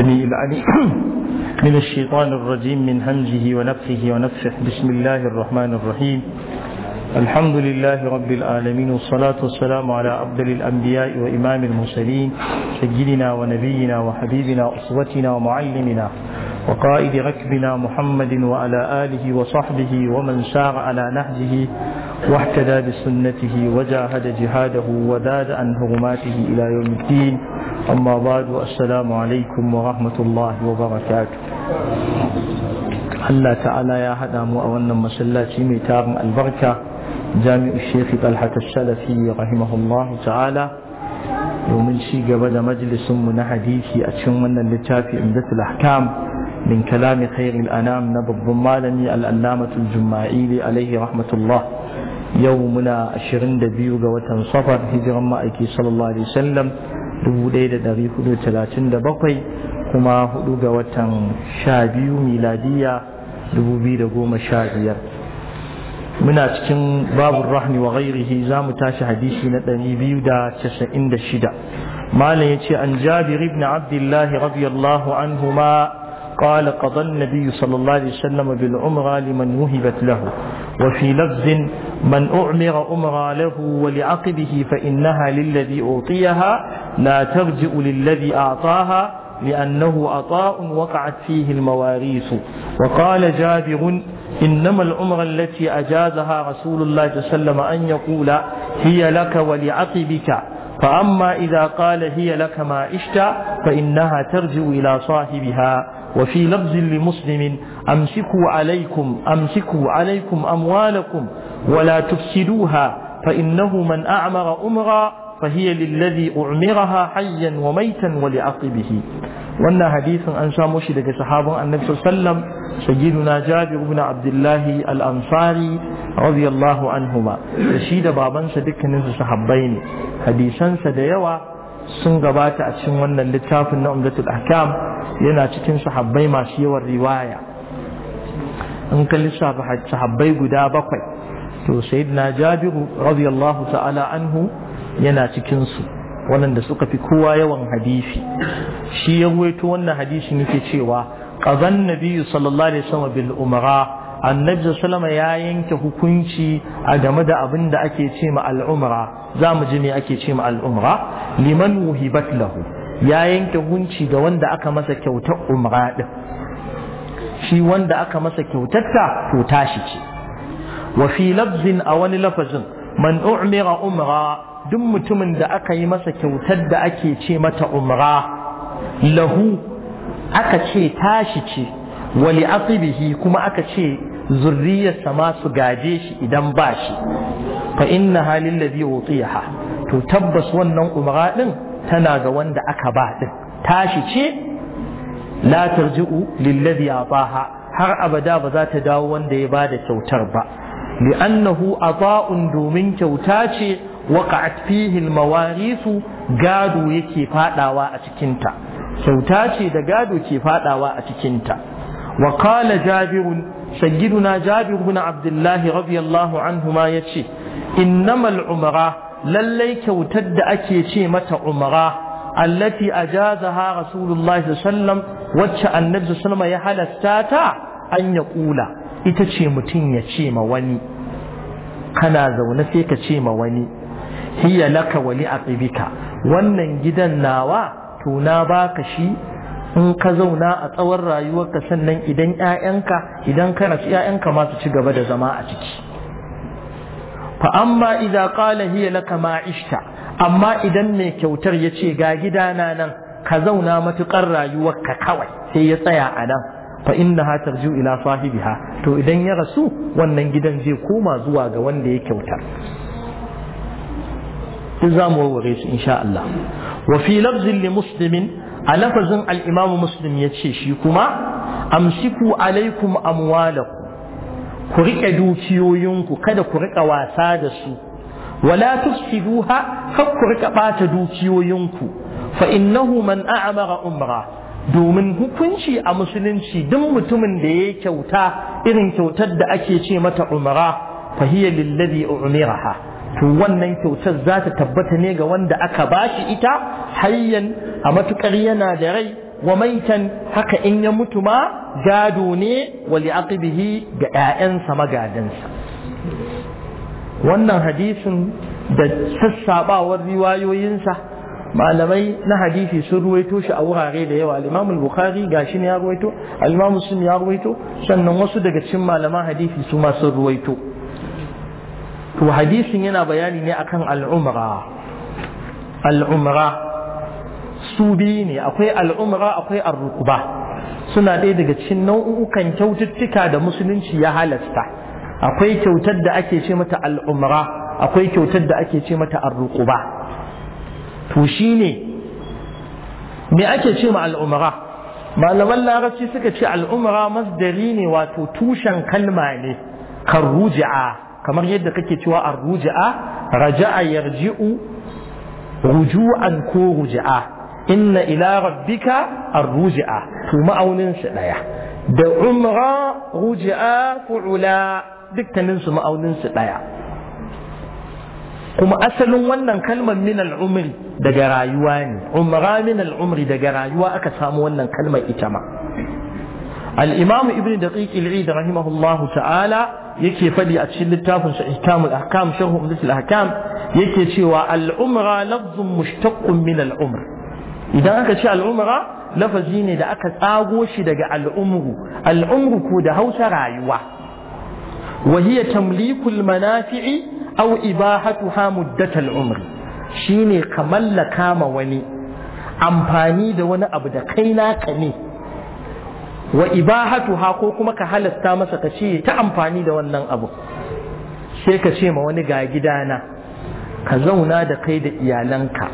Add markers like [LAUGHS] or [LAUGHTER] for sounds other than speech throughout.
يعني يعني [CLEARS THROAT] من الشيطان الرجيم من همزه ونفخه ونفخه بسم الله الرحمن الرحيم الحمد لله رب العالمين والصلاة والسلام على أفضل الأنبياء وإمام المرسلين سيدنا ونبينا وحبيبنا أسوتنا ومعلمنا وقائد ركبنا محمد وعلى آله وصحبه ومن سار على نهجه واحتدى بسنته وجاهد جهاده وذاد عن هرماته إلى يوم الدين أما بعد السلام عليكم ورحمة الله وبركاته الله تعالى يا هذا مؤمن مسلاتي ميتار البركة جامع الشيخ طلحة الشلفي رحمه الله تعالى ومن شي قبل مجلس من حديثي أتشم من النتافي عمدت الأحكام من كلام خير الأنام نبض ضمالني الألامة الجمائيلي عليه رحمة الله يومنا أشرند بيوغة وتنصفر هجرما أيكي صلى الله عليه وسلم 1437 kuma hudu ga watan 12 miladiya 2015 muna cikin babun rahmi wa ghairihi za mu tashi hadisi na 296 malam ya ce an jabir ibn abdullahi radiyallahu anhuma قال قضى النبي صلى الله عليه وسلم بالعمرة لمن وهبت له وفي لفظ من أعمر أمرى له ولعقبه فإنها للذي أعطيها لا ترجع للذي أعطاها لأنه عطاء وقعت فيه المواريث وقال جابر إنما العمر التي أجازها رسول الله صلى الله عليه وسلم أن يقول هي لك ولعقبك فأما إذا قال هي لك ما عشت فإنها ترجع إلى صاحبها وفي لفظ لمسلم أمسكوا عليكم أمسكوا عليكم أموالكم ولا تفسدوها فإنه من أعمر أمرا فهي للذي أعمرها حيا وميتا ولعقبه وأن حديث أن ساموش لك صحابة النبي صلى الله عليه وسلم سيدنا جابر بن عبد الله الأنصاري رضي الله عنهما رشيد بابا صدق ننسى صحابين حديثا سديوا sun gabata a cikin wannan littafin na umdatul ahkam yana cikin sahabbai masu yawan riwaya in ka lissafa sahabbai guda bakwai to sayyidina jabiru radiyallahu ta'ala anhu yana cikin su waɗanda suka fi kowa yawan hadisi shi ya ruwaito wannan hadisi nake cewa qazan nabiyyu sallallahu alaihi wasallam bil umra annabi sallama ya yanke hukunci a game da abin da ake ce ma al'umra za mu ji me ake ce ma al'umra liman wuhibat lahu ya yanke hukunci da wanda aka masa kyautar umra din shi wanda aka masa kyautarta to tashi ce Wafi lafzin labzin a wani lafazin man umira umra duk mutumin da aka yi masa kyautar da ake ce mata umra lahu aka ce tashi ce wali asibihi kuma aka ce zurriyarsa ma su gaje shi idan ba shi fa inna halin ladhi utiha to tabbas wannan umra din tana ga wanda aka ba din tashi ce la tarji'u lilladhi ataha har abada ba za ta dawo wanda ya bada kyautar ba li'annahu ata'un domin kyauta ce waqa'at fihi al-mawarisu gado yake fadawa a cikin kyauta ce da gado ke fadawa a cikin ta wa qala jabir sayyiduna jabir ibn abdullah radiyallahu anhu ma yace innamal umara lallai kyautar da ake ce mata umara allati ajazaha rasulullahi sallallahu alaihi wasallam wacce annabi sallallahu alaihi ya halasta ta an ya kula ita ce mutum ya ce ma wani kana zaune sai ka ce ma wani hiya laka wali tsibita. wannan gidan nawa to na baka shi in ka zauna a tsawon rayuwarka sannan idan yayanka idan kana su 'yayanka masu su ci gaba da zama a ciki fa amma idza qala hiya laka ma ishta amma idan mai kyautar ya ce ga gidana nan ka zauna matuƙar rayuwarka kawai sai ya tsaya a nan fa innaha tarju ila sahibiha to idan ya rasu wannan gidan zai koma zuwa ga wanda ya kyautar In za mu warware su insha Allah wa fi lafzin li muslimin a lafazin al-imam muslim ya ce shi kuma amsiku alaikum amwalakum ku rike dukiyoyinku kada ku rika wasa da su wala tufsiduha kar ku rika bata dukiyoyinku fa innahu man a'mara umra domin hukunci a musulunci duk mutumin da ya kyauta irin kyautar da ake ce mata umara fahiyya lillazi umiraha to wannan kyautar za ta tabbata ne ga wanda aka bashi ita hayyan a matukar yana da rai wa maitan haka in ya mutu ma gado ne wa li'aqibihi ga 'ya'yansa magadansa wannan hadisin da sassabawar riwayoyinsa malamai na hadisi sun ruwaito shi a wurare da yawa al-Imam al-Bukhari gashi ne ya ruwaito al-Imam Muslim ya ruwaito sannan wasu daga cikin malaman hadisi su ma sun ruwaito to hadisin yana bayani ne akan al-umra al-umra su biyu ne akwai al-umra akwai ar-rukba suna ɗaya daga cikin nau'ukan kyaututtuka da musulunci ya halasta akwai kyautar da ake ce mata al-umra akwai kyautar da ake ce mata ar-rukba to ne. me ake ce ma al'umra malaman larabci suka ce al'umra masdari ne wato tushen kalma ne kan ruji'a kamar yadda kake cewa an ruji'a raja'a yarji'u ruju'an ko ruji'a inna ila rabbika an ruji'a to ma'aunin su daya da umra ruji'a fu'ula dukkanin su ma'aunin su daya kuma asalin wannan kalmar min al'umri daga rayuwa ne umra min al'umri daga rayuwa aka samu wannan kalmar ita ma al-imam ibn daqiq al-eid rahimahullah ta'ala yake faɗi a cikin littafin sa ihkamul ahkam sharh umdat ahkam yake cewa al'umra umra lafzun mushtaqqun min al idan aka ce al'umra lafazi ne da aka tsago shi daga al'umru al'umru ko da Hausa rayuwa tamliku تمليك manafi'i أو ibahatuha مدة umri Shi ne ka mallaka ma wani amfani da wani abu da kai naka ne wa ha ko kuma ka halasta masa ka ce ta amfani da wannan abu sai ka ce ma wani ga gidana ka zauna da kai da iyalanka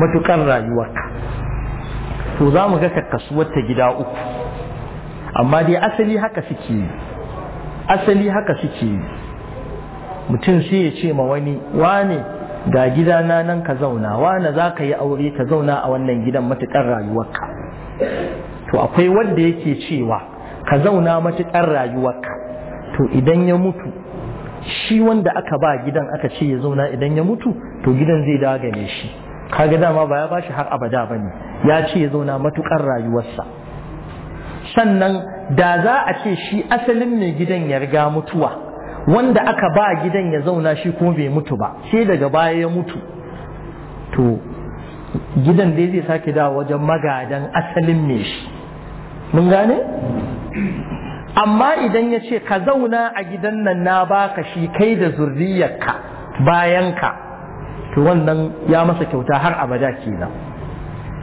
matukan rayuwarka to za mu ga kasuwar ta gida uku amma dai asali haka suke yi asali haka suke yi mutum sai ya ce ma wani wane ga gidana nan ka zauna wane za ka yi aure ka zauna a wannan gidan matuƙar rayuwarka to akwai wanda yake cewa ka zauna matuƙar rayuwarka to idan ya mutu shi wanda aka ba gidan aka ce ya zauna idan ya mutu to gidan zai dagane shi kaga dama ba ya ba shi har abada ba ne. ya ce ya zauna matuƙar rayuwarsa sannan da za a ce shi asalin mai gidan ya riga mutuwa wanda aka ba gidan ya zauna shi kuma bai mutu ba sai daga baya ya mutu to gidan dai zai sake dawo wajen magadan asalin me shi mun gane amma idan ya ce ka zauna a gidan nan na baka shi kai da zurriyarka ka to wannan ya masa kyauta har abada kenan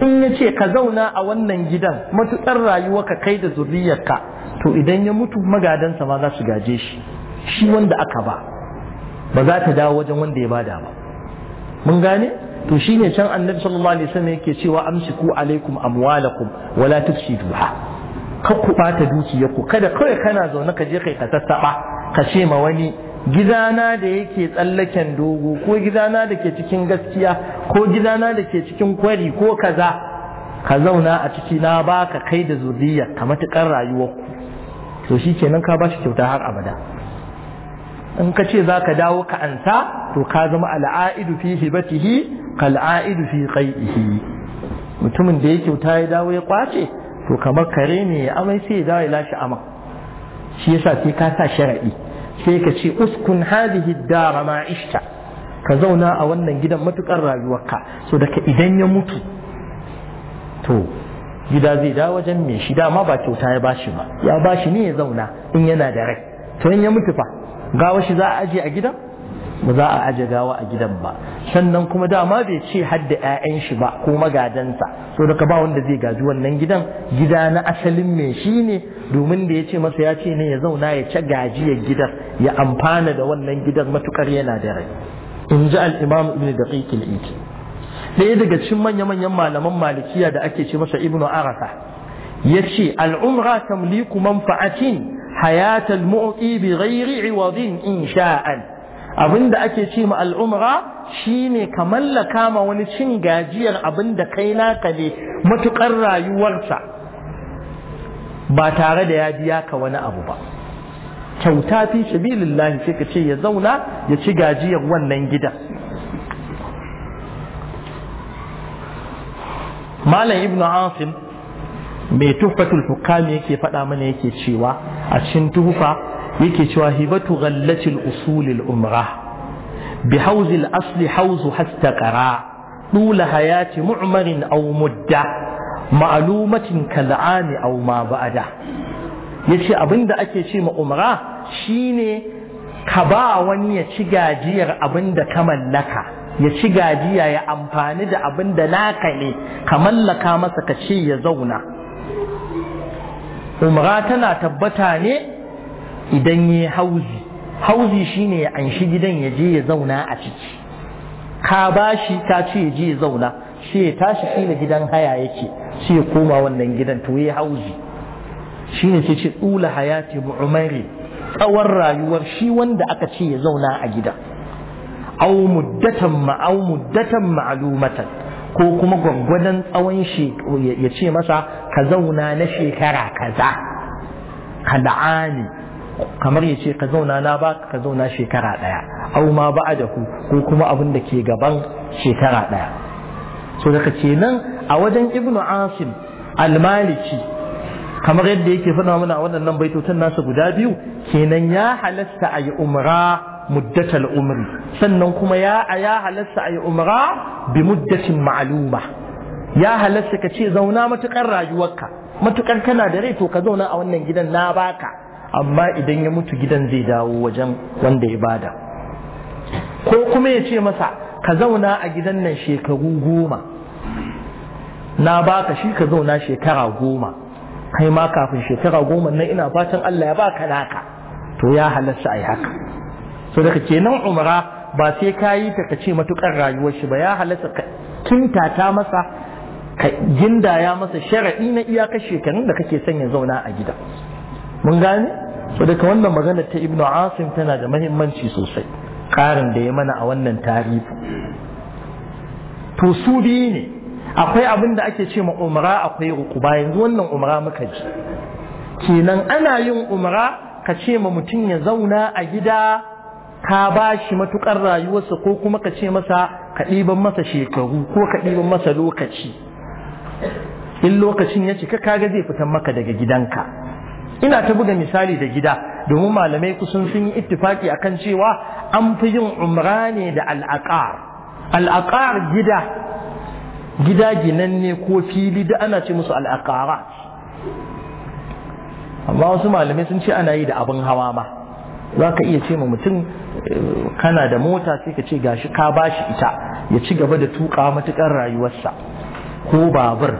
in ya ce ka zauna a wannan gidan matuƙar rayuwa ka kai da zurriyarka to idan ya mutu magadansa ma za su gaje shi shi wanda aka ba ba za ta dawo wajen wanda ya bada ba mun gane to shine can annabi sallallahu alaihi wasallam yake cewa amsiku alaikum amwalakum wala tufsiduha ka ku bata dukiyarku kada kawai kana zaune ka je kai ka sassaba ka ce ma wani gidana da yake tsallaken dogo ko gidana da ke cikin gaskiya ko gidana da ke cikin kwari ko kaza ka zauna a ciki na baka kai da zuriya ka matukar rayuwarku to kenan ka bashi kyauta har abada in ka ce za ka dawo ka ansa to ka zama al'a'idu fi hibatihi kal'a'idu fi qai'ihi mutumin da ya kyauta ya dawo ya kwace to kamar kare ne ya amai sai ya dawo ya lashe aman shi yasa sai ka sa shara'i sai ka ce uskun hadhihi dara ma ishta ka zauna a wannan gidan matukar rayuwarka so daga idan ya mutu to gida zai dawo wajen mai shi dama ba kyauta ya bashi ba ya bashi ne ya zauna in yana da rai to in ya mutu fa gawa shi za a aje a gidan ba za a aje gawa a gidan ba sannan kuma dama bai ce hadda 'ya'yan shi ba ko magadansa so daga ba wanda zai gaji wannan gidan gida na asalin mai shi ne domin da ya ce masa ya ce ne ya zauna ya ci gajiyar gidan ya amfana da wannan gidan matukar yana da rai in ji al-imam ibn daqiq al iki ɗaya daga cikin manya-manyan malaman malikiya da ake ce masa ibnu arafa yace al-umra tamliku manfa'atin hayatal mu'ti bi ghairi iwadin in sha'an abinda ake ce ma al'umra shine ka mallaka ma wani cin gajiyar da kai naka ne matukar rayuwarsa ba tare da ya biya ka wani abu ba kyauta fi sabilillahi sai ce ya zauna ya ci gajiyar wannan gidan malam ibnu asim mai tuffatul hukami yake faɗa mana yake cewa a cikin tuhufa yake cewa hibatu ghallatil usulil umra bi hawzil asli hawzu hastaqara طول حياة mu'marin أو مدة معلومة كالعام أو ما بعده yace abin da ake ce ma umra shine ka ba wani ya ci gajiyar abin da ka mallaka ya ci gajiya ya amfani da abin da naka ne ka mallaka masa ka ce ya zauna umra tana tabbata ne idan ya yi hauzi hauzi shine ya anshi gidan ya je ya zauna a ciki ka shi ta ce ya je ya zauna shi ya tashi fila gidan haya yake shi ya koma wannan gidan to ya hauzi shine ne ce tsula hayati umari tsawon rayuwar shi wanda aka ce ya zauna a gida au muddatan ma'au muddatan ma'alumatan ko kuma gwaggwadon tsawon shi ya ce masa ka zauna na shekara kaza ka da'ani kamar ya ce ka zauna na ba ka zauna shekara ɗaya au ma ba da ku ko kuma abin da ke gaban shekara ɗaya so daga kenan a wajen ibnu asim almaliki kamar yadda yake faɗa mana a waɗannan baitotan nasa guda biyu kenan ya halasta a yi umra muddatal umri sannan kuma ya ya halasta yi umra bi muddatin ma'aluma ya halasta ka ce zauna matukar rayuwarka matukar kana da rai to ka zauna a wannan gidan na baka amma idan ya mutu gidan zai dawo wajen wanda ya bada ko kuma ya ce masa ka zauna a gidan nan shekaru goma na baka shi ka zauna shekara goma kai ma kafin shekara goma nan ina fatan Allah ya baka naka to ya halasta a yi haka so daga kenan umara ba sai ka yi ta kace matukar rayuwar shi ba ya halatta ka ta masa ka ya masa shara'i na iyakar shekarun da kake son ya zauna a gida mun gane so daga wannan maganar ta ibnu asim tana da mahimmanci sosai karin da ya mana a wannan tarihi to su biyu ne akwai abin da ake ce ma umara akwai ba yanzu wannan umara muka ji kenan ana yin umara ka ce ma mutum ya zauna a gida ka ba shi matukar rayuwarsa ko kuma ka ce masa ka ɗiban masa shekaru ko ka ɗiban masa lokaci in lokacin ya cika kaga zai fitan maka daga gidanka ina ta buga misali da gida domin malamai kusan sun yi ittifaki akan cewa an fi yin umra ne da al'aƙar al'aƙar gida gida ginan ne ko fili da ana ce musu al'aƙara. amma wasu malamai sun ce ana yi da abin hawa ma za ka iya ce ma mutum eh, kana da mota sai ka ce gashi ka bashi ita ya ci gaba da tuka matukar rayuwarsa ko babur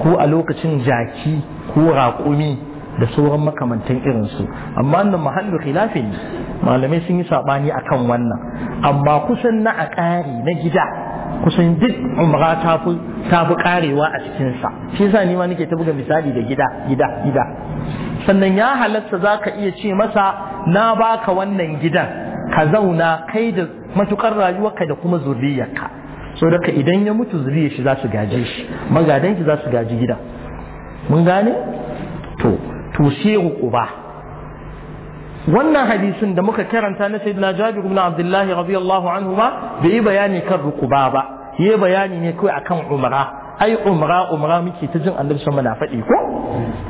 ko a lokacin jaki ko raƙumi da sauran makamantan irinsu amma wannan mahallu khilafi ne malamai sun yi saɓani akan wannan amma kusan na a ƙari na gida kusan duk umra ta fi karewa a cikinsa shi yasa ni ma nake ta buga misali da gida gida gida sannan ya halatta za ka iya ce masa na baka wannan gidan ka zauna kai da matukar rayuwarka da kuma zuriyarka so daga idan ya mutu zuriyar shi za su gaje shi magadan shi za su gaji gidan mun gane to to sai uba wannan hadisin da muka karanta na sayyidina jabir ibn abdullah radiyallahu anhu ma bai yi bayani kan rukuba ba Ya bayani ne kawai akan umra ai umra umra muke ta jin annabi sallallahu alaihi faɗi ko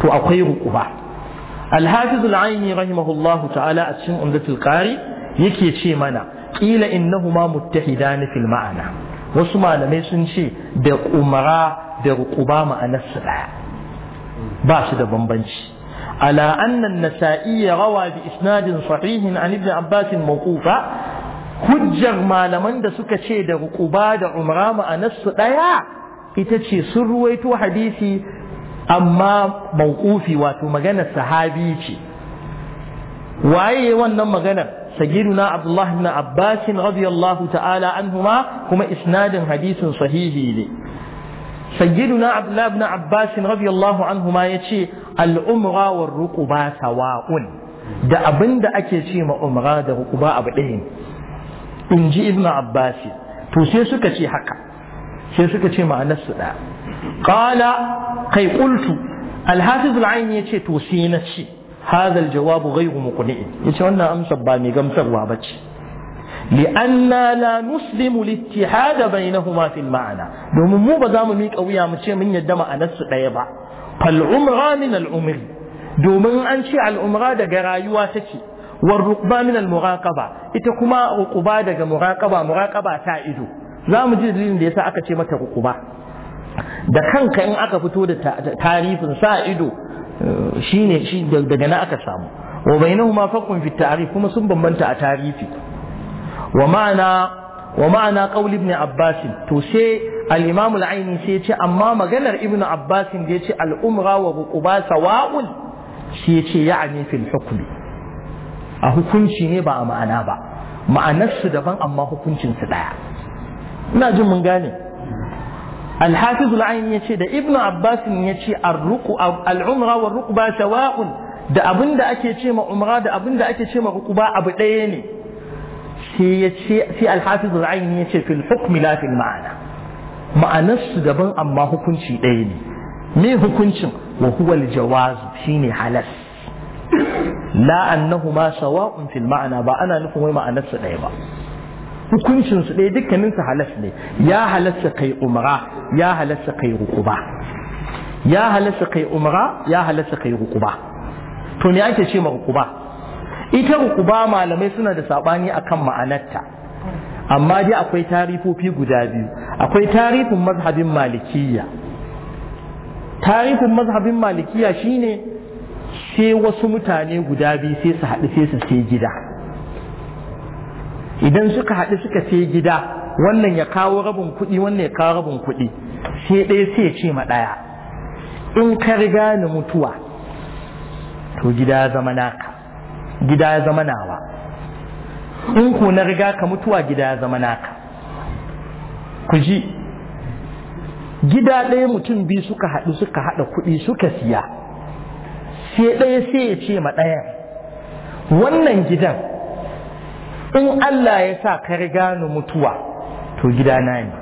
to akwai rukuba al-hafiz al rahimahullahu ta'ala a cikin umdatul qari yake ce mana ƙila in na qila innahuma muttahidan fil ma'ana wasu malamai sun ce da umra da rukuba ma'anarsu daya ba su da bambanci على أن النسائي روى بإسناد صحيح عن ابن عباس موقوفا hujjar malaman da suka ce da rukuba da umra ma'anarsu ɗaya ita ce sun ruwaito hadisi amma mawqufi wato maganar sahabi ce waye wannan maganar sagiruna abdullah ibn abbas radiyallahu ta'ala anhuma kuma isnadin hadisin sahihi ne sagiruna abdullah ibn abbas radiyallahu anhuma yace al'umra wa ruquba sawa'un da abin da ake ce ma umra da rukuba abu ɗaya ne in ji ibnu abbasi to sai suka ce haka sai suka ce ma'anar su ɗaya qala kai qultu al-hafiz al-ayn yace to sai na ce wannan amsa ba mai gamsarwa مقنع يتوانا أمسى la muslimu وابتش bainahuma fil ma'ana domin mu ba za mu مو wuya mu ce mun من يدم أنس ba fal'umra min al'umri domin an ce al'umra daga rayuwa ta warruqba min al ita kuma ruquba daga muraqaba muraqaba ta ido mu ji dalilin da yasa aka ce mata ruquba da kanka in aka fito da tarifin sa ido shine shi daga na aka samu wa bainahuma faqqun fi ta'rif kuma sun bambanta a tarifi wa ma'ana wa ma'ana qaul ibn abbas to sai al-imam al-aini sai amma maganar ibn abbas da yace al-umra wa ruquba sawa'un sai yace ya'ni fil hukm a hukunci ne ba a ma'ana ba ma'anar su daban amma hukuncin su daya ina jin mun gane al-hafiz al-aini yace da ibn abbas yace ar-ruqu al-umra wa ruqba sawa'un da abinda ake ce ma umra da abinda ake ce ma ruquba abu ɗaya ne sai sai alhafiz al-aini yace fil hukmi la fil ma'ana ma'anarsu daban amma hukunci ɗaya ne me hukuncin wa huwa al-jawaz shine halas la annahuma sawa'un fil ma'ana ba ana nufin wai ma'anarsu ɗaya ba hukuncin su ɗaya dukkanin su halas ne ya halasta kai umra ya halasta kai rukuba ya halasta kai umra ya halasta kai rukuba to me ake ce ma rukuba ita ba malamai suna da sabani akan ma'anarta amma dai akwai tarifofi guda biyu akwai tarifin mazhabin malikiya tarifin mazhabin malikiya shine sai wasu mutane guda biyu sai su haɗu sai su sai gida idan suka haɗu suka sai gida wannan ya kawo rabin kuɗi wannan ya kawo rabin kuɗi sai ɗaya sai ce ma ɗaya in ka riga ni mutuwa to gida zama naka gida ya zama nawa in ku na riga ka mutuwa gida ya zama naka ku ji gida ɗaya mutum biyu suka haɗu suka haɗa kuɗi suka siya sai ɗaya sai ya ce ma ɗaya wannan gidan in Allah ya sa ka riga ni mutuwa to gida na ne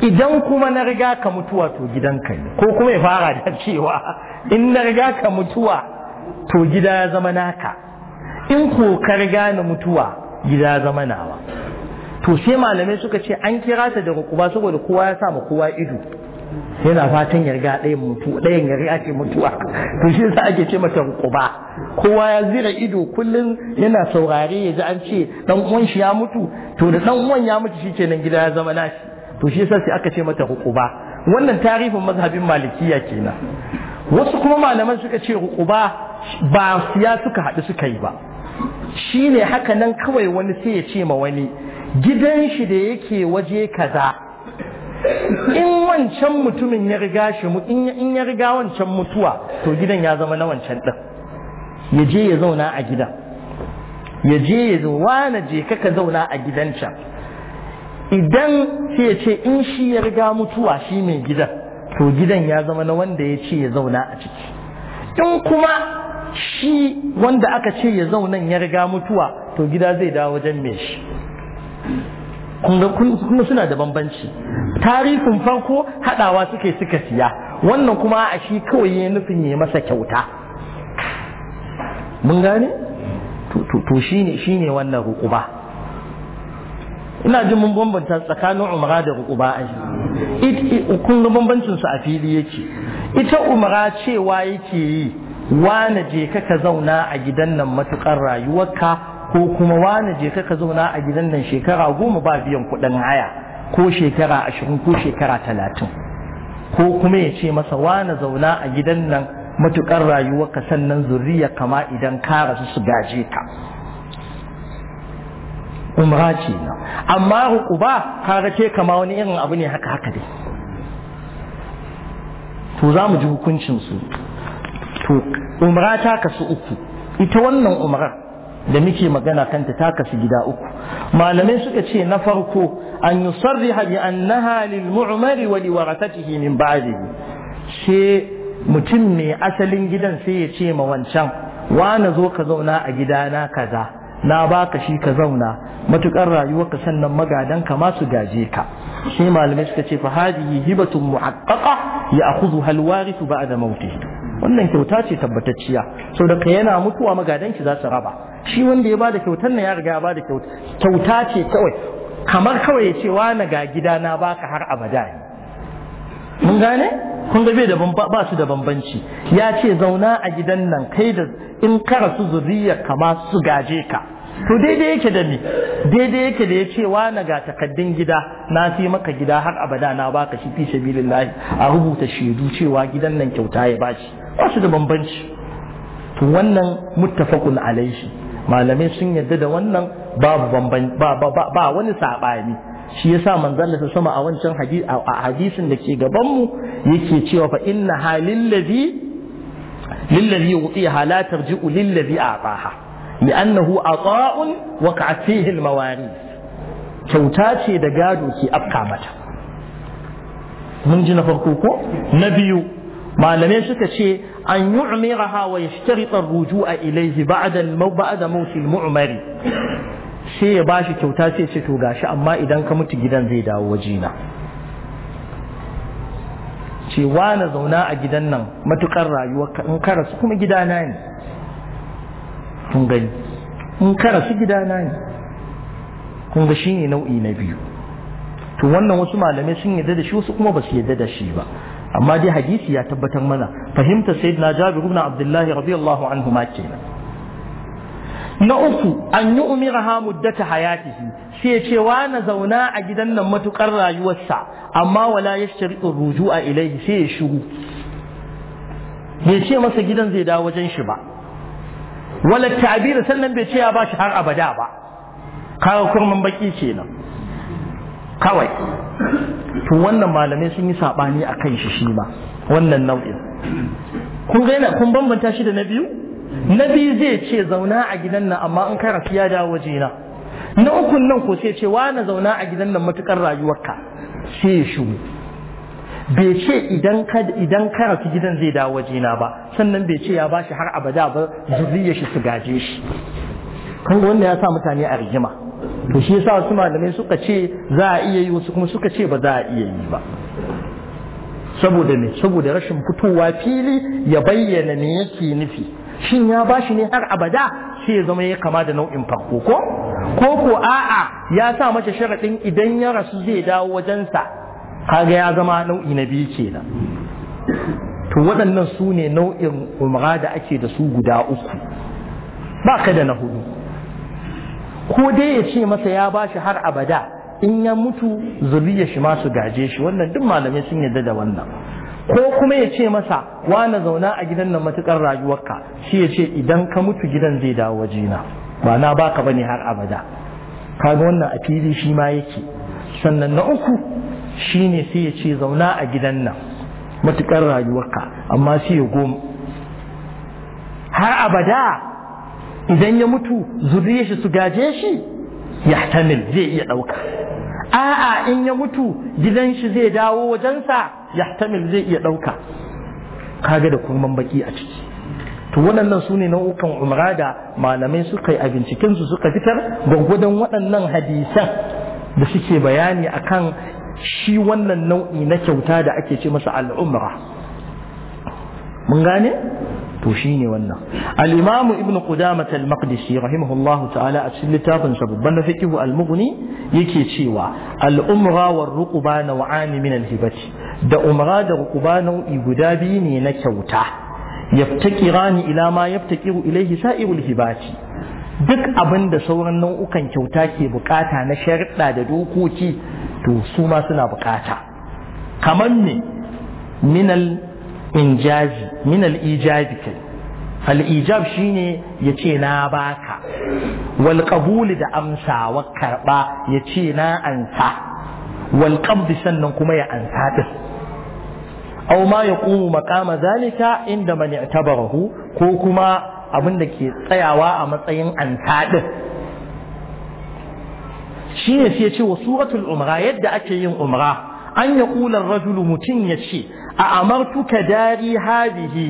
idan kuma na riga ka mutuwa to gidan ka ne ko kuma ya fara da cewa in na riga ka mutuwa to gida ya zama naka in kokar gane mutuwa gida ya zama nawa to sai malamai suka ce an kira ta da rukuba saboda kowa ya sa kowa ido yana fatan yarga ɗayan mutu ɗayan ya ce mutuwa to shi yasa ake ce mata rukuba kowa ya zira ido kullum yana saurare ya ji an ce dan uwan shi ya mutu to da dan uwan ya mutu shi shikenan gida ya zama nashi to shi yasa sai aka ce mata rukuba wannan tarihin mazhabin malikiya kenan wasu kuma malaman suka ce rukuba ba siya suka haɗu suka yi ba shi ne haka nan kawai wani sai ya ce ma wani gidan shi da yake waje kaza in wancan mutumin ya riga shi in ya riga wancan mutuwa to gidan ya zama na wancan ɗin ya je ya zauna a gidan ya je ya zo wane je kaka zauna a gidan can idan sai ya ce in shi ya riga mutuwa shi mai gidan to gidan ya zama na wanda ya ce ya zauna a ciki in kuma shi wanda aka ce ya zaunan ya riga mutuwa to gida zai dawo wajen mai shi kuma suna da bambanci tarihin farko haɗawa suke suka siya wannan kuma a shi kawai ya nufin ya masa kyauta mun gane to shi ne wannan rukuba ina jin mun bambanta tsakanin umara da rukuba a kun ga bambancinsu a fili yake ita umara cewa yake yi wane je ka ka zauna a gidan nan matuƙar rayuwarka ko kuma wane je ka ka zauna a gidan nan shekara goma ba biyan kuɗin haya ko shekara ashirin ko shekara talatin ko kuma ya ce masa wane zauna a gidan nan matuƙar rayuwarka sannan zuriya kama idan ka rasu su gaje ka umra ce amma rukuba kaga ce kama wani irin abu ne haka haka dai to za mu ji hukuncin su to umra ta kasu uku ita wannan umrar da muke magana kanta ta kasu gida uku malamai suka ce na farko an yusarriha bi annaha lil mu'mari wa liwarasatihi min ba'dihi she mutum mai asalin gidan sai ya ce ma wancan na zo ka zauna a gida na kaza na baka shi ka zauna matukar rayuwarka sannan magadan ka ma su gaje ka Sai malamai suka ce fa hadihi hibatun muhaqqaqa ya akhudhuha al-warith da mawtihi wannan kyauta ce tabbatacciya so da ka yana mutuwa magadanki za su raba shi wanda ya bada kyautar na ya riga ya bada kyauta kyauta ce kawai kamar kawai ya ce wani ga gida na baka har abada ne mun gane kun ga bai da ba su da bambanci ya ce zauna a gidan nan kai da in ka rasu zuriya kama su gaje ka to daidai yake da ni daidai yake da ya ce wani ga takaddun gida na fi maka gida har abada na baka shi fi lillahi, a rubuta shaidu cewa gidan nan kyauta ya bashi ba su da bambanci to wannan muttafaqun alaihi malamai sun yadda da wannan babu ba ba ba wani sabani shi yasa manzon Allah sama a wancan a hadisin da ke gaban mu yake cewa fa inna halil ladhi lil ladhi yu'tiha la tarji'u lil ladhi a'taha li'annahu ata'un waqa'at fihi al kyauta ce da gado ke afka mata mun ji na farko ko na biyu malamai suka ce an yi umiraha wa ya sharitar ruju a ilaihi ba'da mausil mu'umari sai ya bashi kyauta sai ce to gashi amma idan ka mutu gidan zai dawo wajena ce na zauna a gidan nan matukar rayuwa in karasu kuma gidana ne kun gani in karas gidana ne kun ga shine nau'i na biyu to wannan wasu malamai sun yarda da shi wasu kuma ba su yarda da shi ba amma dai hadisi ya tabbatar mana fahimta sayyidina jabir ibn abdullahi radiyallahu anhu ma kenan na uku an yi umiraha muddata hayatihi sai ya ce na zauna a gidan nan matukar rayuwarsa amma wala ya yashtari rujua ilaihi sai ya shiru bai ce masa gidan zai dawo wajen shi ba wala ta'bir sannan bai ce ya bashi har abada ba kawo kurmin baki kenan kawai to wannan malamai sun yi saɓani a kan shi shi ba wannan nau'in kun gaina kun bambanta shi da na biyu na biyu zai ce zauna a gidan nan amma an kai ya dawo wajena na ukun nan ko sai ce wani zauna a gidan nan matukar rayuwarka sai ya shigo bai ce idan ka idan ka gidan zai dawo wajena ba sannan bai ce ya bashi har abada ba zuriyar shi su gaje shi kan wannan ya sa mutane a rigima to shi yasa wasu malamai suka ce za a iya yi wasu kuma suka ce ba za a iya yi ba saboda ne saboda rashin fitowa fili ya bayyana ne yake nufi shin ya bashi ne har abada sai ya zama ya kama da nau'in farko ko ko ko a'a ya sa mace sharaɗin idan ya rasu zai dawo wajensa kaga ya zama nau'i na biyu kenan to waɗannan su ne nau'in umra da ake da su guda uku ba ka da na hudu ko dai ya ce masa ya ba shi har abada in ya mutu zuriya shi masu su gaje shi wannan duk malamai sun yarda da wannan ko kuma ya ce masa wana zauna a gidan nan matukar rayuwarka shi ya ce idan ka mutu gidan zai dawo wajena ba na baka bane har abada kaga wannan a fili shi ma yake sannan na uku shine sai ya ce zauna a gidan nan matukar rayuwarka amma sai ya goma har abada idan ya mutu zuriyar shi su gaje shi yah-tamil zai iya ɗauka a'a in ya mutu gidan shi zai dawo wajensa yah-tamil zai iya ɗauka kaga da kurman baki a ciki to waɗannan su ne nau'ukan umra da malamai suka yi a bincikensu suka fitar gwargwadon waɗannan hadisan da suke bayani akan shi wannan nau'i na kyauta da ake ce masa al'umra mun gane to shine wannan al-imamu ibnu qudamah al-maqdisi rahimahullahu ta'ala a cikin littafin sa babban na fiqh al-mughni yake cewa al-umra war ruqbana wa min al-hibati da umra da ruqba nau'i guda biyu ne na kyauta yaftakirani ila ma yaftakiru ilaihi sa'irul hibati duk abin da sauran nau'ukan kyauta ke bukata na sharuɗa da dokoki to su ma suna bukata kamar ne minal injazi min al-ijabi al-ijab shine yace na baka wal qabul da amsa wa karba yace na ansa wal qabd sannan kuma ya ansa din aw ma yaqumu maqama zalika inda man i'tabarahu ko kuma abin da ke tsayawa a matsayin ansa din shi ne sai ya ce wa suratul umra yadda ake yin umra an ya ƙular rajulu mutum ya ce a amartuka dari hadihi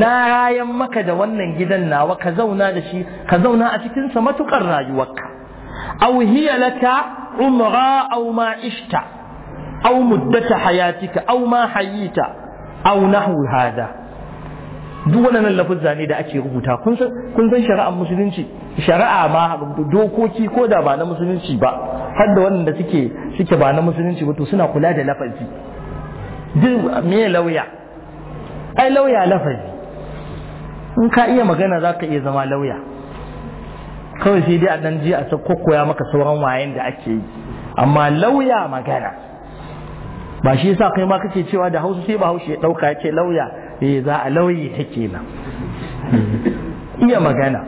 na rayan maka da wannan gidan nawa ka zauna da shi ka zauna a cikin sa matukar rayuwarka aw hiya laka umra aw ma ishta aw muddata hayatika aw ma hayita aw nahu hada duk wannan lafuzza ne da ake rubuta kun san kun san shari'ar musulunci shari'a ma dokoki ko da ba na musulunci ba har da waɗanda suke suke ba na musulunci ba to suna kula da lafazi duk me lauya ai lauya lafazi in ka iya magana za ka iya zama lauya kawai sai dai a ɗan ji a koya maka sauran wayen da ake yi amma lauya magana ba shi yasa kai ma kake cewa da hausa sai ba hausa ya ɗauka ya ce lauya eh za a lauyi take nan [LAUGHS] iya magana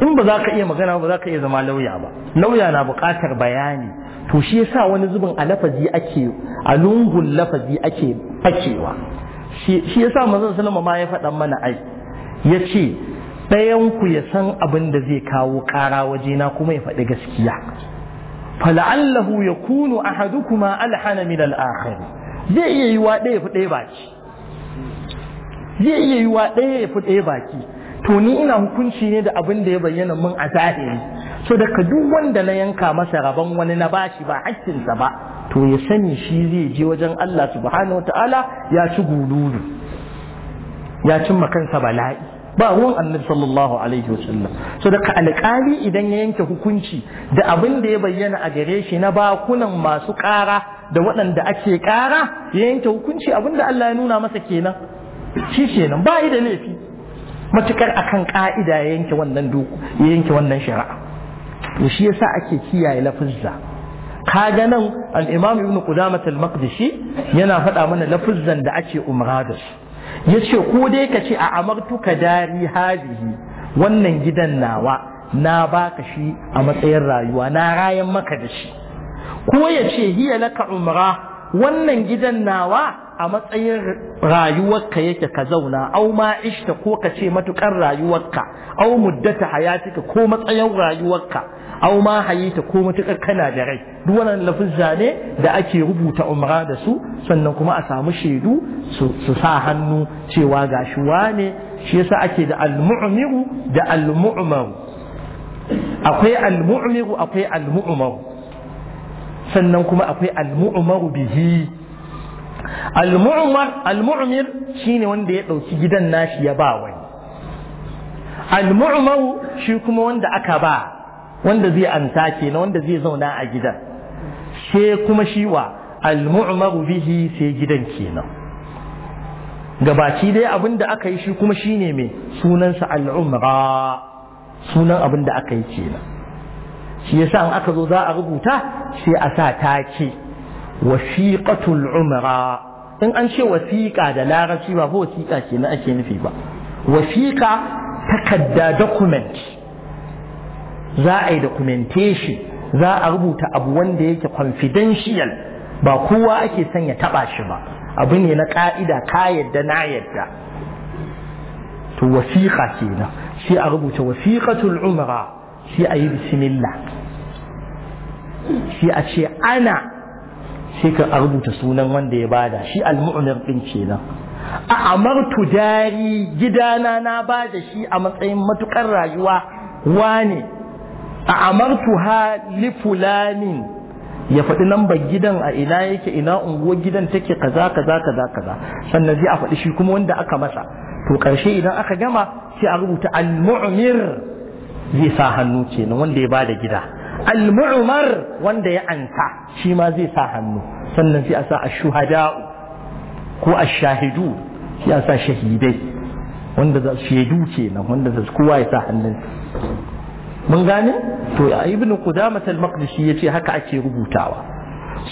in ba za ka iya magana ba za ka iya zama lauya ba lauya na buƙatar bayani to shi yasa wani zubin a lafazi ake a lungun lafazi ake fakewa shi yasa manzon sallama ma ya faɗa mana ai ya ce ɗayan ku ya san abin da zai kawo ƙara wajena kuma ya faɗi gaskiya fala'allahu yakunu ahadukuma alhana min al-akhir zai iya yiwa ɗaya fi zai iya yi wa ɗaya ya fi ɗaya baki to ni ina hukunci ne da abin da ya bayyana mun a zahiri so da ka duk wanda na yanka masa rabon wani na bashi ba sa ba to ya sani shi zai je wajen Allah subhanahu ta'ala ya ci gululu ya cin kansa bala'i ba ruwan annabi sallallahu alaihi wasallam so da ka alƙali idan ya yanke hukunci da abin da ya bayyana a gare shi na bakunan masu ƙara da waɗanda ake ƙara ya yanke hukunci abin da Allah ya nuna masa kenan shi kenan ba da laifi matukar akan ka'ida ya yanke wannan doku ya yanke wannan shari'a to shi yasa ake kiyaye lafuzza kaga nan al-imam ibn qudamah al-maqdisi yana faɗa mana lafuzzan da ake umra da su yace ko dai ka ce a amartuka dari hadihi wannan gidan nawa na baka shi a matsayin rayuwa na rayan maka da shi ko ya ce hiya laka umra wannan gidan nawa a matsayin rayuwarka yake ka zauna au ma ishta ko ka ce matukar rayuwarka au muddata hayatika ko matsayin rayuwarka au ma hayita ko matukar kana da rai duk wannan lafuzza zane da ake rubuta umra da su sannan kuma a samu shaidu su sa hannu cewa gashi wane shi yasa ake da al da al akwai al akwai al sannan kuma akwai al bihi al-mu'mar al-mu'mir shine wanda ya dauki gidan nashi ya ba wani al-mu'mar shi kuma wanda aka ba wanda zai amsa na wanda zai zauna a gidan she kuma shi wa al-mu'mar bihi sai gidan kenan gabaci dai abinda aka yi shi kuma shine mai sunansa al-umra sunan abin aka yi kenan shi yasa in aka zo za a rubuta sai a sa take wasiƙatul umra in an ce wasiƙa da larabci ba ko wasiƙa ke na ake nufi ba wasiƙa takadda document za a yi documentation za a rubuta abu wanda yake confidential ba kowa ake san ya taɓa shi ba abu ne na ka'ida ka yadda na yadda to ke kenan sai a rubuta wasiƙatul umra sai a yi bismillah sai a ce ana sai ka rubuta sunan wanda ya bada shi al-mu'nir din kenan a amartu dari gidana na bada shi a matsayin matukar rayuwa wane a amartu ha li fulani ya faɗi lambar gidan a ina yake ina unguwar gidan take kaza kaza kaza kaza sannan zai a faɗi shi kuma wanda aka masa to karshe idan aka gama sai a rubuta al munir zai sa hannu kenan wanda ya bada gida al wanda ya anta shi ma zai sa hannu sannan sai a sa a shuhadau ko a shahidu sai a sa shahidai wanda za shaidu kenan wanda za kowa ya sa hannun mun gane to ibnu qudamah al-maqdisi yace haka ake rubutawa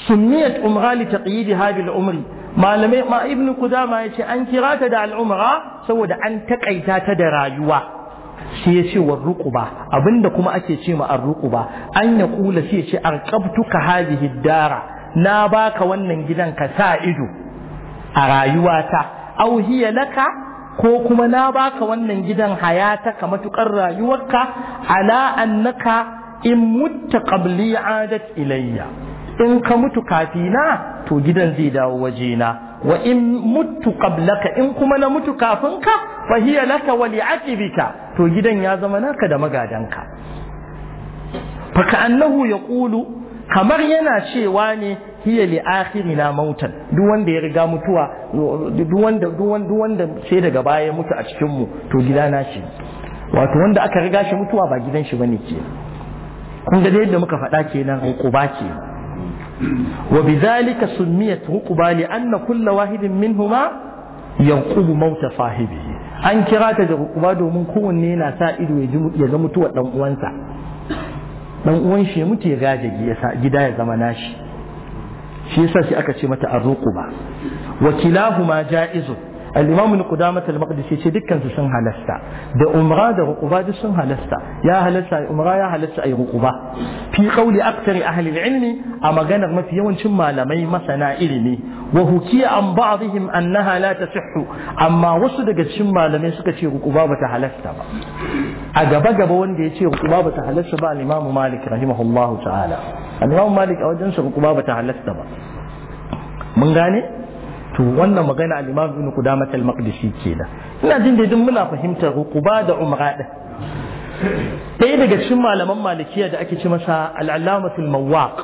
sunniyat umra li taqyid hadhihi al-umri malamai ma ibnu qudama yace an kira ta da al-umra saboda an takaita ta da rayuwa sai ya ce war ruquba abinda kuma ake ce ma ar ruquba an ya kula sai ya ce ƙabtuka hadhihi dara na baka wannan gidan ka sa ido a rayuwata au hiya laka ko kuma na baka wannan gidan hayata ka matukar rayuwarka ala annaka in mutta qabli adat ilayya in ka mutu kafina to gidan zai dawo wajena wa in mutu qablaka in kuma na mutu kafin ka fa hiya laka wa li'aqibika to gidan ya zama naka da magadanka fa ya yaqulu kamar yana cewa ne hiya li akhirina mautan duk wanda ya riga mutuwa duk wanda duk wanda sai daga baya mutu a cikin mu to gida na shi wato wanda aka riga shi mutuwa ba gidan shi bane ke kun ga yadda muka faɗa kenan ko ba ke وبذلك سميت عقبى ne كل واحد منهما ينقب موت صاحبه an kira ta da uba domin kowanne yana sa ido ya ga mutuwar dan uwansa dan uwan shi mutu ya gaje gida ya zama nashi shi yasa sai aka ce mata arruquba Wakilahu ma ja'izun al-imam al-maqdisi ce dukkansu sun halasta da umra da ruquba duk sun halasta ya halasta umra ya halasta ayi ruquba fi kauli aktsari ahli al a maganar mafi yawancin malamai masana ilimi wa hukiya an ba'dihim annaha la tasihhu amma wasu daga cikin malamai suka ce ruquba bata halasta ba a gaba gaba wanda ya ce ruquba bata halasta ba al-imam malik rahimahullahu ta'ala al-imam malik a wajen sa ruquba bata halasta ba mun gane to wannan magana al-imam ibn qudamah al-maqdisi kenan ina jin dai muna fahimtar uquba da umra din daga cikin malaman malikiya da ake ce masa al-allamatul mawaq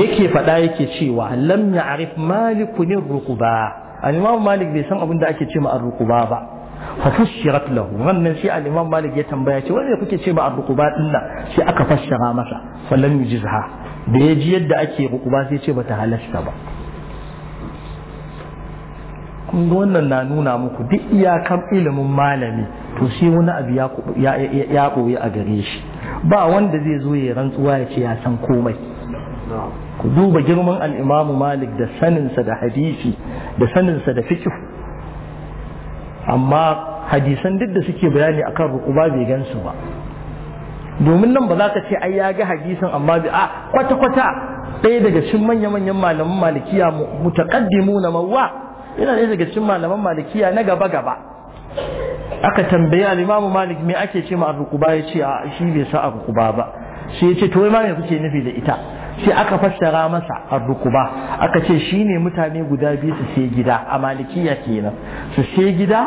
yake faɗa yake cewa lam ya'rif malikun ar-ruquba al-imam malik bai san abin da ake ce ma ar-ruquba ba fa fashirat lahu wannan shi al-imam malik ya tambaya ce wanda kuke ce ma ar-ruquba din nan shi aka fassara masa fa lam yujizha da ya ji yadda ake ruquba sai ce bata halasta ba wannan na nuna muku duk iyakan ilimin malami to shi wani abu ya koyi a gare shi ba wanda zai zo ya rantsuwa ya ce ya san komai ku duba girman al'imamu malik da saninsa da hadisi da saninsa da fiki amma hadisan duk da suke bayani akan rukuba bai gansu ba domin nan ba za ka ce ai ya ga hadisan amma bi a kwata-kwata ɗaya daga cikin manya-manyan malaman malikiya na mawa? yana ne daga cikin malaman malikiya na gaba gaba aka tambayi al-imamu malik me ake ce ma arruquba ya ce a shi bai sa kuba ba shi ya ce to ma kuke nufi da ita sai aka fassara masa kuba aka ce shine mutane guda biyu su sai gida a malikiya kenan su sai gida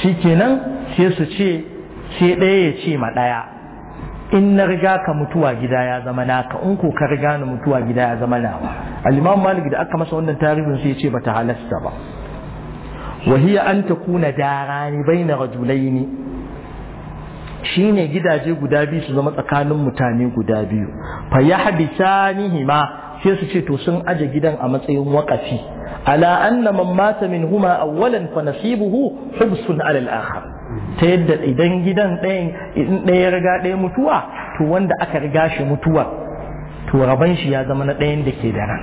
shikenan sai su ce sai ɗaya ya ce ma ɗaya in na riga ka mutuwa gida ya zama naka in ko ka riga ni mutuwa gida ya zama nawa al-imam malik da aka masa wannan tarihin sai ya ce bata halasta ba wa hiya an takuna darani baina rajulaini shine gidaje guda biyu su zama tsakanin mutane guda biyu fa yahbisanihima sai su ce to sun aje gidan a matsayin waƙafi ala anna man mata minhuma awwalan fa nasibuhu hubsun ala al-akhar ta yadda idan gidan ɗayan in ɗaya riga ɗaya mutuwa to wanda aka riga shi mutuwa to raban shi ya zama na ɗayan da ke da ran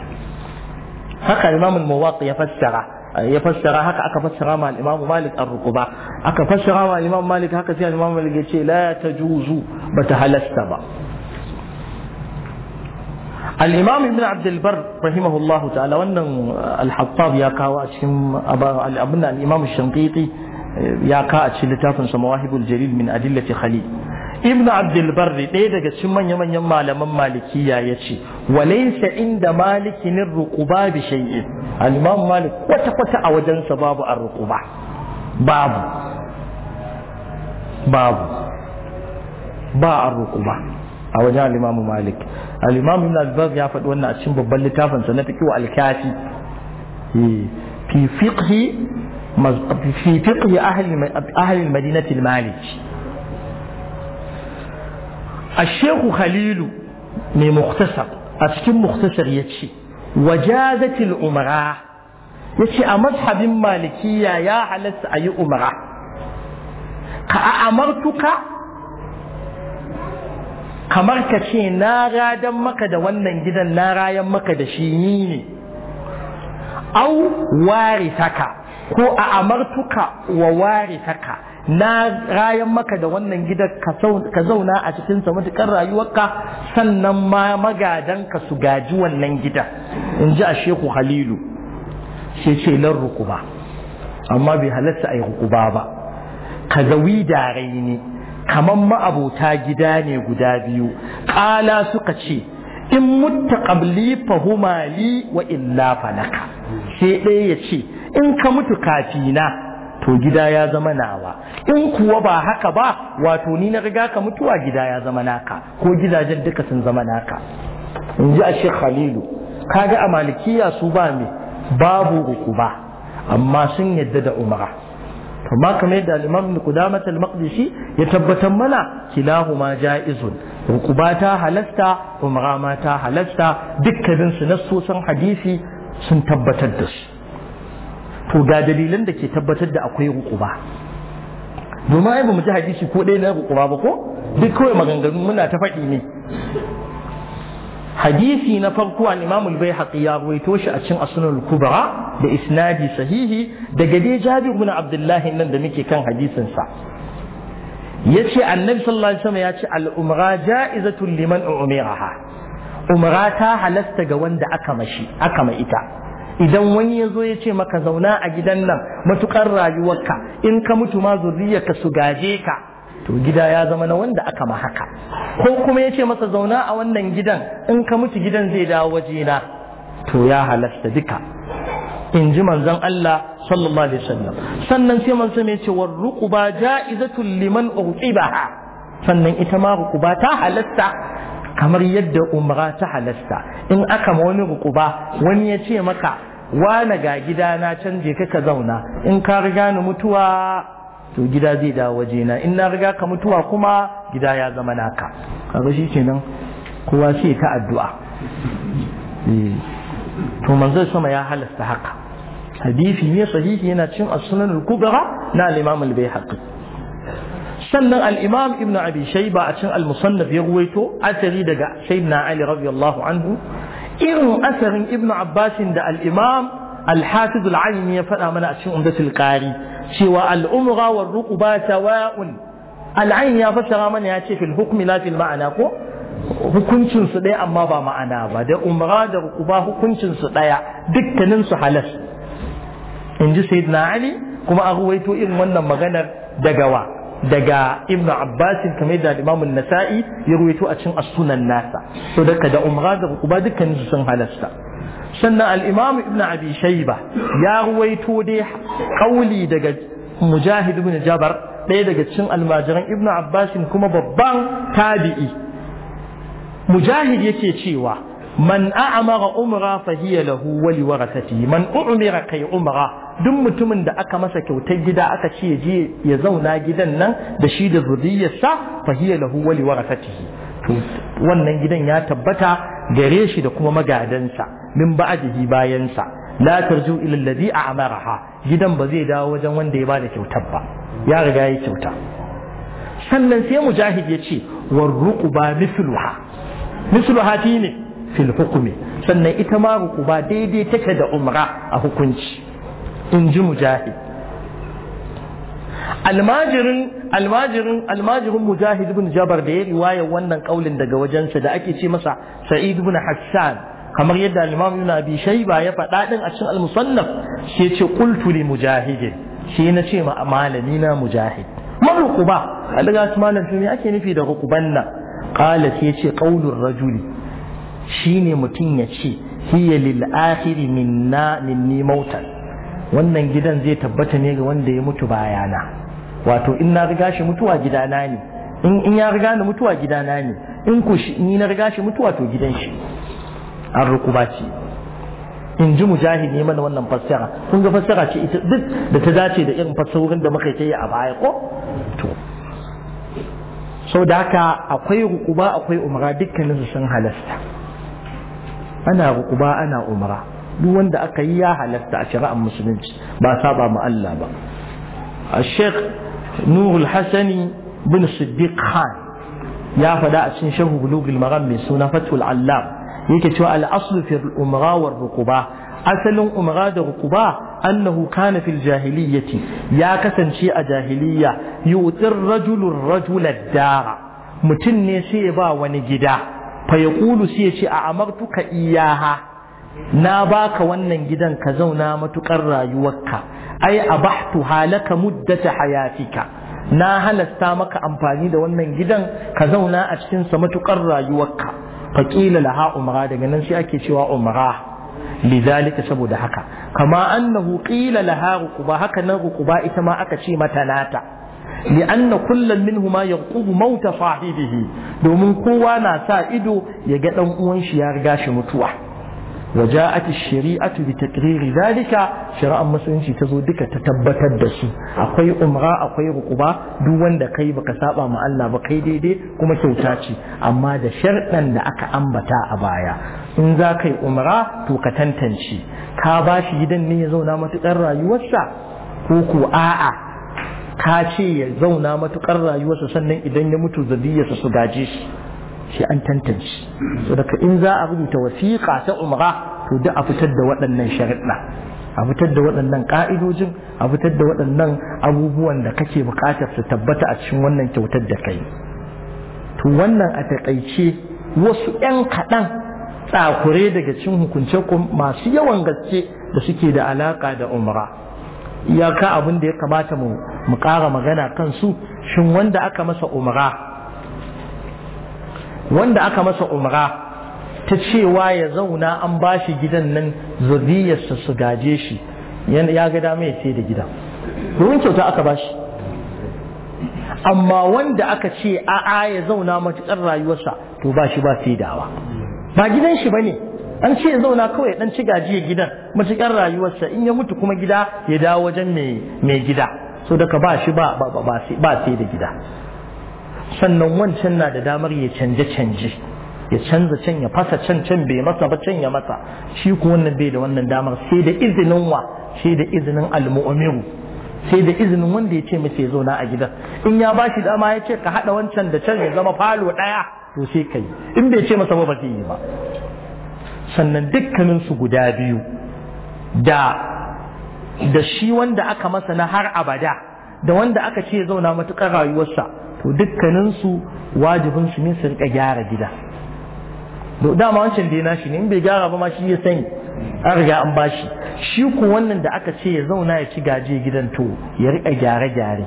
haka imamul mawaqi ya fassara ya fassara haka aka fassara ma al-Imam Malik ar-Ruquba aka fassara ma al-Imam Malik haka sai al-Imam Malik ya ce la tajuzu bata halasta ba الامام ابن عبد البر رحمه الله تعالى وان الحطاب يا كاوا ابن الامام الشنقيطي يا كا لتافن سمواهب الجليل من ادله خليل ابن عبد البر ده دغ من يمن يم معلم مالكيه يشي وليس عند مالك الرقبة بشيء الامام مالك كوتا كوتا اوجن سباب الرقبة باب باب باب الرقبة اوجن الامام مالك. al-imam ibn al-baz ya faɗi wannan a cikin babban littafin sa na fiqh al-kafi fi fiqhi fi fiqhi ahli ahli al-madinati al-maliki الشيخ خليل من مختصر أتكلم مختصر يتشي وجازة الأمراء يتشي أمذهب مالكية يا على أي أمراء أمرتك kamar ka ce na radan maka da wannan gidan na rayan maka da shi ni ne au saka ko a amartuka wa saka na rayan maka da wannan gidan ka zauna a cikin sa matukar rayuwarka sannan ma magadan ka su gaji wannan gidan in ji a sheku halilu sai ce lan rukuba amma bai halatta a yi rukuba ba ka zawi da raini kaman ma'abota gida ne guda biyu ƙala suka ce in mutta ƙabli fa li wa illa falaka sai ɗaya ya ce in ka mutu kafina to gida ya zama nawa in kuwa ba haka ba wato ni na riga ka mutuwa gida ya zama naka ko gidajen duka sun zama naka in ji a shi khalilu kaga a malikiya su ba me babu uku ba amma sun yadda da umara amma kamar yadda al-imam ibn qudamah al-maqdisi ya tabbatar mana kilahuma jaizun rukuba ta halasta umra halasta dukkanin su nassosan hadisi sun tabbatar da su to ga dalilan da ke tabbatar da akwai rukuba domin ai ba mu ji hadisi ko ɗaya na rukuba ba ko duk kawai maganganu muna ta faɗi ne hadisi na farko an imam al ya ruwaito shi a cikin asnul kubra da isnadi sahihi da dai jabir ibn abdullahi nan da muke kan hadisin sa yace annabi sallallahu ya wasallam yace al-umra ja'izatun liman umiraha umra ta halasta ga wanda aka mashi ita idan wani ya zo ya ce maka zauna a gidan nan matukar rayuwarka in ka mutu ma ka su gaje ka to gida ya zama na wanda aka ma haka ko kuma ya masa zauna a wannan gidan in ka mutu gidan zai dawo wajena to ya halasta duka in ji manzon Allah sallallahu alaihi wasallam sannan sai manzo mai ce war ruquba ja'izatul liman uqibaha sannan ita ma rukuba ta halasta kamar yadda umra ta halasta in aka ma wani rukuba wani ya ce maka na ga gidana can je ka zauna in ka riga ni mutuwa to gida zai dawo wajena in na riga ka mutuwa kuma gida ya zama naka kaga shi kenan kowa sai ta addu'a eh. to manzo sama ya halasta haka hadisi ne sahihi yana cin as-sunan al-kubra na al-imam al-baihaqi sannan al-imam ibn abi shayba a cin al-musannaf ya ruwaito asari daga sayyidina ali radiyallahu anhu irin asarin ibn abbasin da al-imam al-hafiz al-aini ya faɗa mana a cin umdatul qari cewa al'umra wa ruquba sawa'un al'ain ya fassara mana ya ce fil hukmi la fil ma'ana ko hukuncin su ɗaya amma ba ma'ana ba da umra da ruquba hukuncin su ɗaya dukkanin su halas in ji sayyidina ali kuma a ruwaito irin wannan maganar daga wa daga ibnu abbasin kamar da imamu nasa'i ya ruwaito a cikin as-sunan nasa to daga da umra da ruquba dukkanin su sun halasta sannan al'imam ibn abi shaiba ya ruwaito dai kauli daga mujahid ibn jabar ɗaya daga cikin almajiran ibn abbasin kuma babban tabi'i mujahid yake cewa man a'amara umra fa hiya lahu wa li warasatihi man umira kai umra duk mutumin da aka masa kyautar gida aka ce je ya zauna gidan nan da shi da zuriyarsa fa hiya lahu wa li warasatihi wannan gidan ya tabbata gare shi da kuma magadansa min ba'dihi bayansa la tarju ila alladhi a'maraha gidan ba zai dawo wajen wanda ya ba da kyautar ba ya riga ya kyauta sannan sai mujahid ya ce war ruquba mithluha mithluha ne fil hukmi sannan ita ma ruquba daidai take da umra a hukunci in ji mujahid almajirin almajirin almajirin mujahid ibn jabar da ya riwaya wannan kaulin daga wajensa da ake ce masa sa'id ibn hassan kamar yadda al-imam ibn abi shayba ya faɗa din a cikin al-musannaf shi ya ce qultu li mujahid shi na ce ma malami na mujahid man rukuba alaga su malam ake nufi da rukuban nan qala sai ya ce qaulur rajuli shine mutum ya ce hiya lil akhiri minna minni mautan wannan gidan zai tabbata ne ga wanda ya mutu bayana wato in na riga shi mutuwa gidana ne in ya riga ni mutuwa gidana ne in ku ni na riga shi mutuwa to gidan shi an rukuba ce in ji mujahid ne mana wannan fassara kun ga fassara ce ita duk da ta dace da irin fassarorin da muka yi a baya ko to sau da haka akwai rukuba akwai umra su sun halasta ana rukuba ana umra duk wanda aka yi ya halasta a shari'ar musulunci ba saba mu Allah ba الشيخ نور الحسني بن الصديق خان يا فداء شنشه بلوغ المغام من سنة فتح العلام يكتوى الأصل في الأمغاء والرقباء أصل أمغاء والرقباء أنه كان في الجاهلية يا كسن شيء جاهلية الرجل الرجل الدار متن سيبا ونجدا فيقول سيشي أعمرتك إياها na baka wannan gidan ka zauna matukar rayuwarka ai abahtu halaka muddata hayatika na halasta maka amfani da wannan gidan ka zauna a cikin sa matukar rayuwarka faqila laha umra daga nan sai ake cewa umra lidhalika saboda haka kama annahu qila laha ruquba haka nan ruquba ita ma aka ce mata nata لأن كل منهما يرقب موت صاحبه domin kowa na sa ido ya ga ɗan uwan shi ya riga shi mutuwa Ga ja ake shiri a turi ta ƙireri, za mu shari, shari'ar musulunci ta zo duka, ta tabbatar da shi. Akwai umra, akwai ruƙuba, duk wanda kai baka saɓa ma Allah ba kai daidai, kuma kyauta ce. Amma da shar da aka ambata a baya, in za ka yi umra to ka tantance. Ka bashi gidan ne ya zauna matuƙar rayuwarsa, ko ku ƴaƴa ka ce ya zauna matuƙar rayuwarsa sannan idan ya mutu Zabiyyasa su gaje shi. Shi an tantance so daga in za a rubuta wasiqa ta umra to da a fitar da waɗannan sharaɗa a fitar da waɗannan ƙa'idojin a fitar da waɗannan abubuwan da kake buƙatar su tabbata a cikin wannan kyautar da kai to wannan a taƙaice wasu ‘yan kaɗan tsakure daga cikin hukunce masu yawan gaske da suke da alaƙa da umra iyaka abin da ya kamata mu ƙara magana kan su, shin wanda aka masa umra wanda aka masa umra ta cewa ya zauna an ba shi gidan nan zuriyarsa su gaje shi ya ga dama ya sai da gidan domin kyauta aka ba shi amma wanda aka ce a'a ya zauna matuƙar rayuwarsa to ba shi ba sai ba gidan shi ba ne an ce ya zauna kawai dan ci gajiya gidan matuƙar rayuwarsa in ya mutu kuma gida ya dawo wajen mai gida so daga ba shi ba sai da gida sannan wancan na da damar ya canje canje ya canza can ya fasa can can bai masa ba can ya masa shi ko wannan bai da wannan damar sai da izinin wa sai da izinin almu'miru sai da izinin wanda ya ce masa ya zauna a gidan in ya ba shi dama ya ce ka haɗa wancan da can ya zama falo ɗaya to sai ka yi in bai ce masa ba ba zai yi ba sannan dukkanin su guda biyu da da shi wanda aka masa na har abada da wanda aka ce zauna matuƙar rayuwarsa to dukkaninsu wajibinsu ne su rika gyara gida dama wancan da nashi ne in bai gyara ba ma shi ya sani an riga an bashi shi ko wannan da aka ce ya zauna ya ci gaje gidan to ya rika gyare-gyare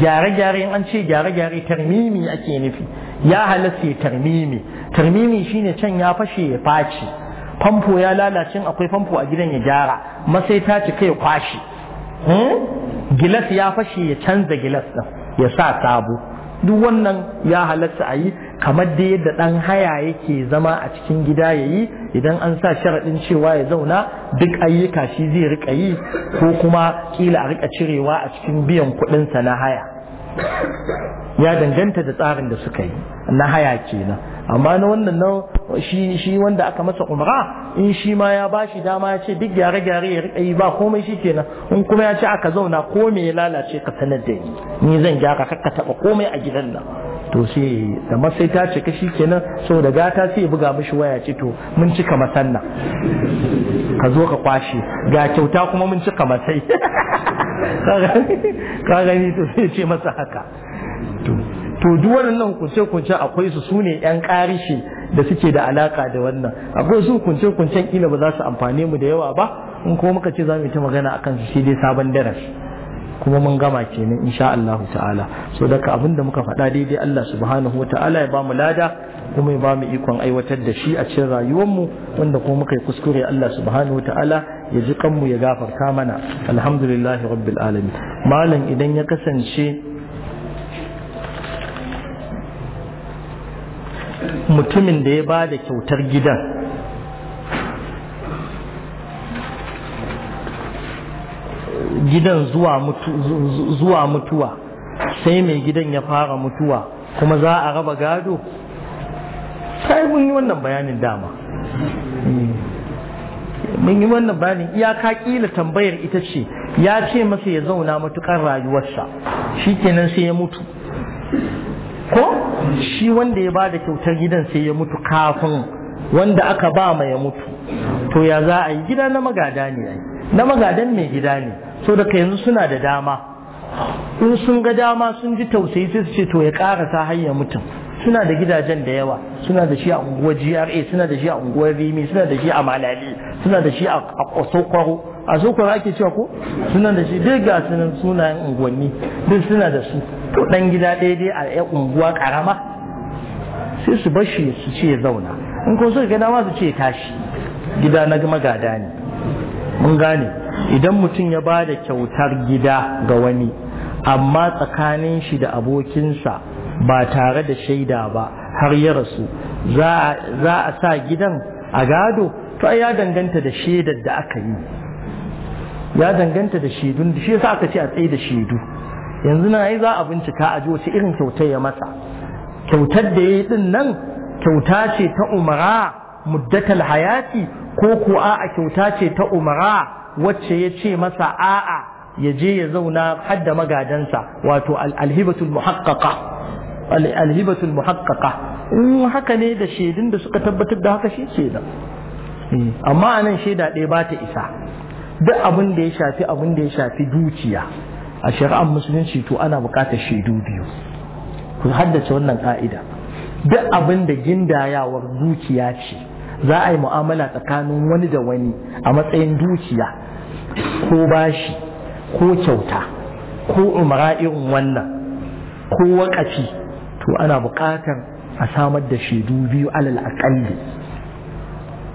gyare-gyare in an ce gyare-gyare tarmimi ake nufi ya halasta ya tarmimi tarmimi shine can ya fashe ya faci famfo ya lalace akwai famfo a gidan ya gyara masai ta cika ya kwashi hmm? gilas ya fashe ya canza gilas din ya sa sabo duk wannan ya halatta a yi kamar da yadda ɗan haya yake zama a cikin gida ya yi idan an sa sharaɗin cewa ya zauna duk ayyuka shi zai riƙa yi ko kuma ƙila a riƙa cirewa a cikin biyan kuɗinsa na haya ya danganta da tsarin da suka yi na haya kenan amma na wannan na shi shi wanda aka masa umra in shi ma ya bashi dama ya ce duk gyare gyare ya rika yi ba komai shi kenan in kuma ya ce aka zauna ko me ya lalace ka sanar da ni ni zan gyara ka taba komai a gidan nan to sai da masai ta cika shi kenan da gata sai ya buga mishi waya ce to mun cika masanna ka zo ka kwashe ga kyauta kuma mun cika masai [LAUGHS] ka gani to sai ce masa haka to duk waɗannan kunce-kunce akwai su sune yan karishe da suke da alaka da wannan akwai su kunce-kuncen kila ba za su amfane mu da yawa ba in ko muka ce za mu yi ta magana akan su sai dai sabon darasi kuma mun gama kenan insha Allah ta'ala so daga abin da muka faɗa daidai Allah subhanahu wa ta'ala ya bamu lada kuma ya bamu ikon aiwatar da shi a cikin rayuwar mu wanda kuma muka yi kuskure Allah subhanahu wa ta'ala ya ji kanmu ya gafarta mana alhamdulillah rabbil alamin malam idan ya kasance mutumin da ya bada kyautar gidan gidan zuwa mutuwa sai mai gidan ya fara mutuwa kuma za a raba gado sai mun yi wannan bayanin dama hmm. mun yi wannan bayanin iyaka kila tambayar ita ce ya ce masa ya zauna matukar rayuwarsa shikenan sai ya mutu ko shi wanda ya bada kyautar gidan sai ya mutu kafin wanda aka ba ma ya mutu to ya za a yi gida na magada ne na magadan mai gida ne so daga yanzu suna da dama in sun ga dama sun ji tausayi sai su ce to ya karasa hanyar mutum suna da gidajen da yawa suna da shi a unguwar GRA suna da shi a unguwar Rimi suna da shi a Malali suna da shi a Sokwaro a Sokwaro ake cewa ko suna da shi duk ga sunan sunayen unguwanni duk suna da su to dan gida daidai a ƴan unguwa karama sai su bar shi su ce zauna in kuma suka ga dama su ce tashi gida na magada ne mun gane idan mutum ya ba da kyautar gida ga wani amma tsakanin shi da abokinsa ba tare da shaida ba har ya rasu za a sa gidan a gado to ya danganta da shaidar da aka yi ya danganta da shaidu? shi yasa aka ce a tsaye da shaidu yanzu na yi za a bincika a ji irin kyautar ya masa kyautar da ya yi din nan kyauta ce ta umara muddatal hayati ko ku a kyauta ce ta umara wacce ya ce masa a'a ya je ya zauna hadda magadansa wato alhibatul muhaqqaqa alhibatul muhaqqaqa in haka ne da shaidun da suka tabbatar da haka shi ke da hmm. amma anan shaida ɗaya ba ta isa duk abin da ya shafi abin da ya shafi dukiya a shari'ar musulunci to ana buƙatar shaidu biyu ku haddace wannan ka'ida duk abin da gindayawar dukiya ce za a yi mu'amala tsakanin wani da wani a matsayin dukiya ko bashi ko kyauta ko umara irin wannan ko wakafi to ana buƙatar a samar da shaidu biyu alal aƙalli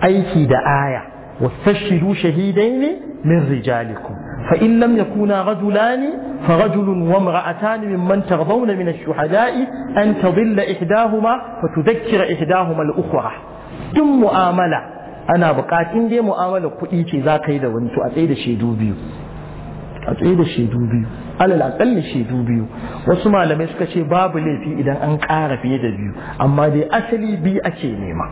aiki da aya واستشهدوا شهيدين من رجالكم فإن لم يكونا رجلان فرجل وامرأتان ممن ترضون من الشهداء أن تضل إحداهما فتذكر إحداهما الأخرى ثم مؤاملة ana buƙatar inda ya mu'amala kuɗi ce za ka yi da wani to a tsaye da shaidu biyu a tsaye da shaidu biyu alal aƙalli shaidu biyu wasu malamai suka ce babu laifi idan an ƙara fiye da biyu amma dai asali biyu ake nema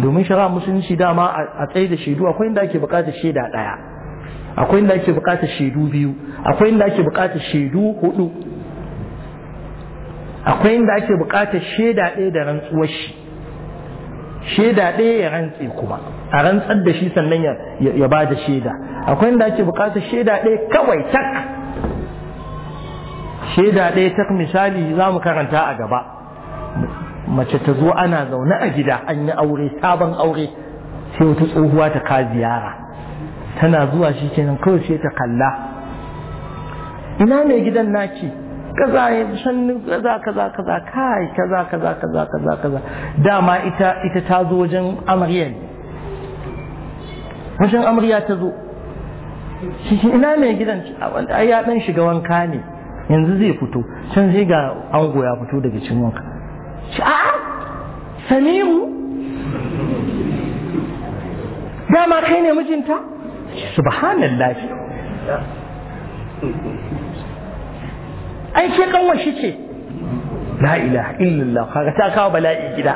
domin shari'a musulunci dama a tsaye da shaidu akwai inda ake buƙatar shaida ɗaya akwai inda ake buƙatar shaidu biyu akwai inda ake buƙatar shaidu hudu akwai inda ake buƙatar shaida ɗaya da rantsuwar shi shaida ɗaya ya rantse kuma a rantsar da shi sannan ya ba da shaida akwai inda ake bukatar shaida ɗaya kawai tak shaida ɗaya tak misali za mu karanta a gaba mace ta zo ana zaune a gida an yi aure sabon aure sai wata tsohuwa ta ka ziyara tana zuwa shi kenan kawai sai ta kalla ina mai gidan naki kaza ya sannu kaza kaza kaza kai kaza kaza kaza kaza kaza dama ita ita ta zo wajen amarya ne wajen amarya ta zo shi ina mai gidan ai ya dan shiga wanka ne yanzu zai fito can sai ga ango ya fito daga cikin wanka shi a sanimu dama kai ne mijinta subhanallah ai ke kanwar shi ce la ilaha illallah kaga ta kawo bala'i gida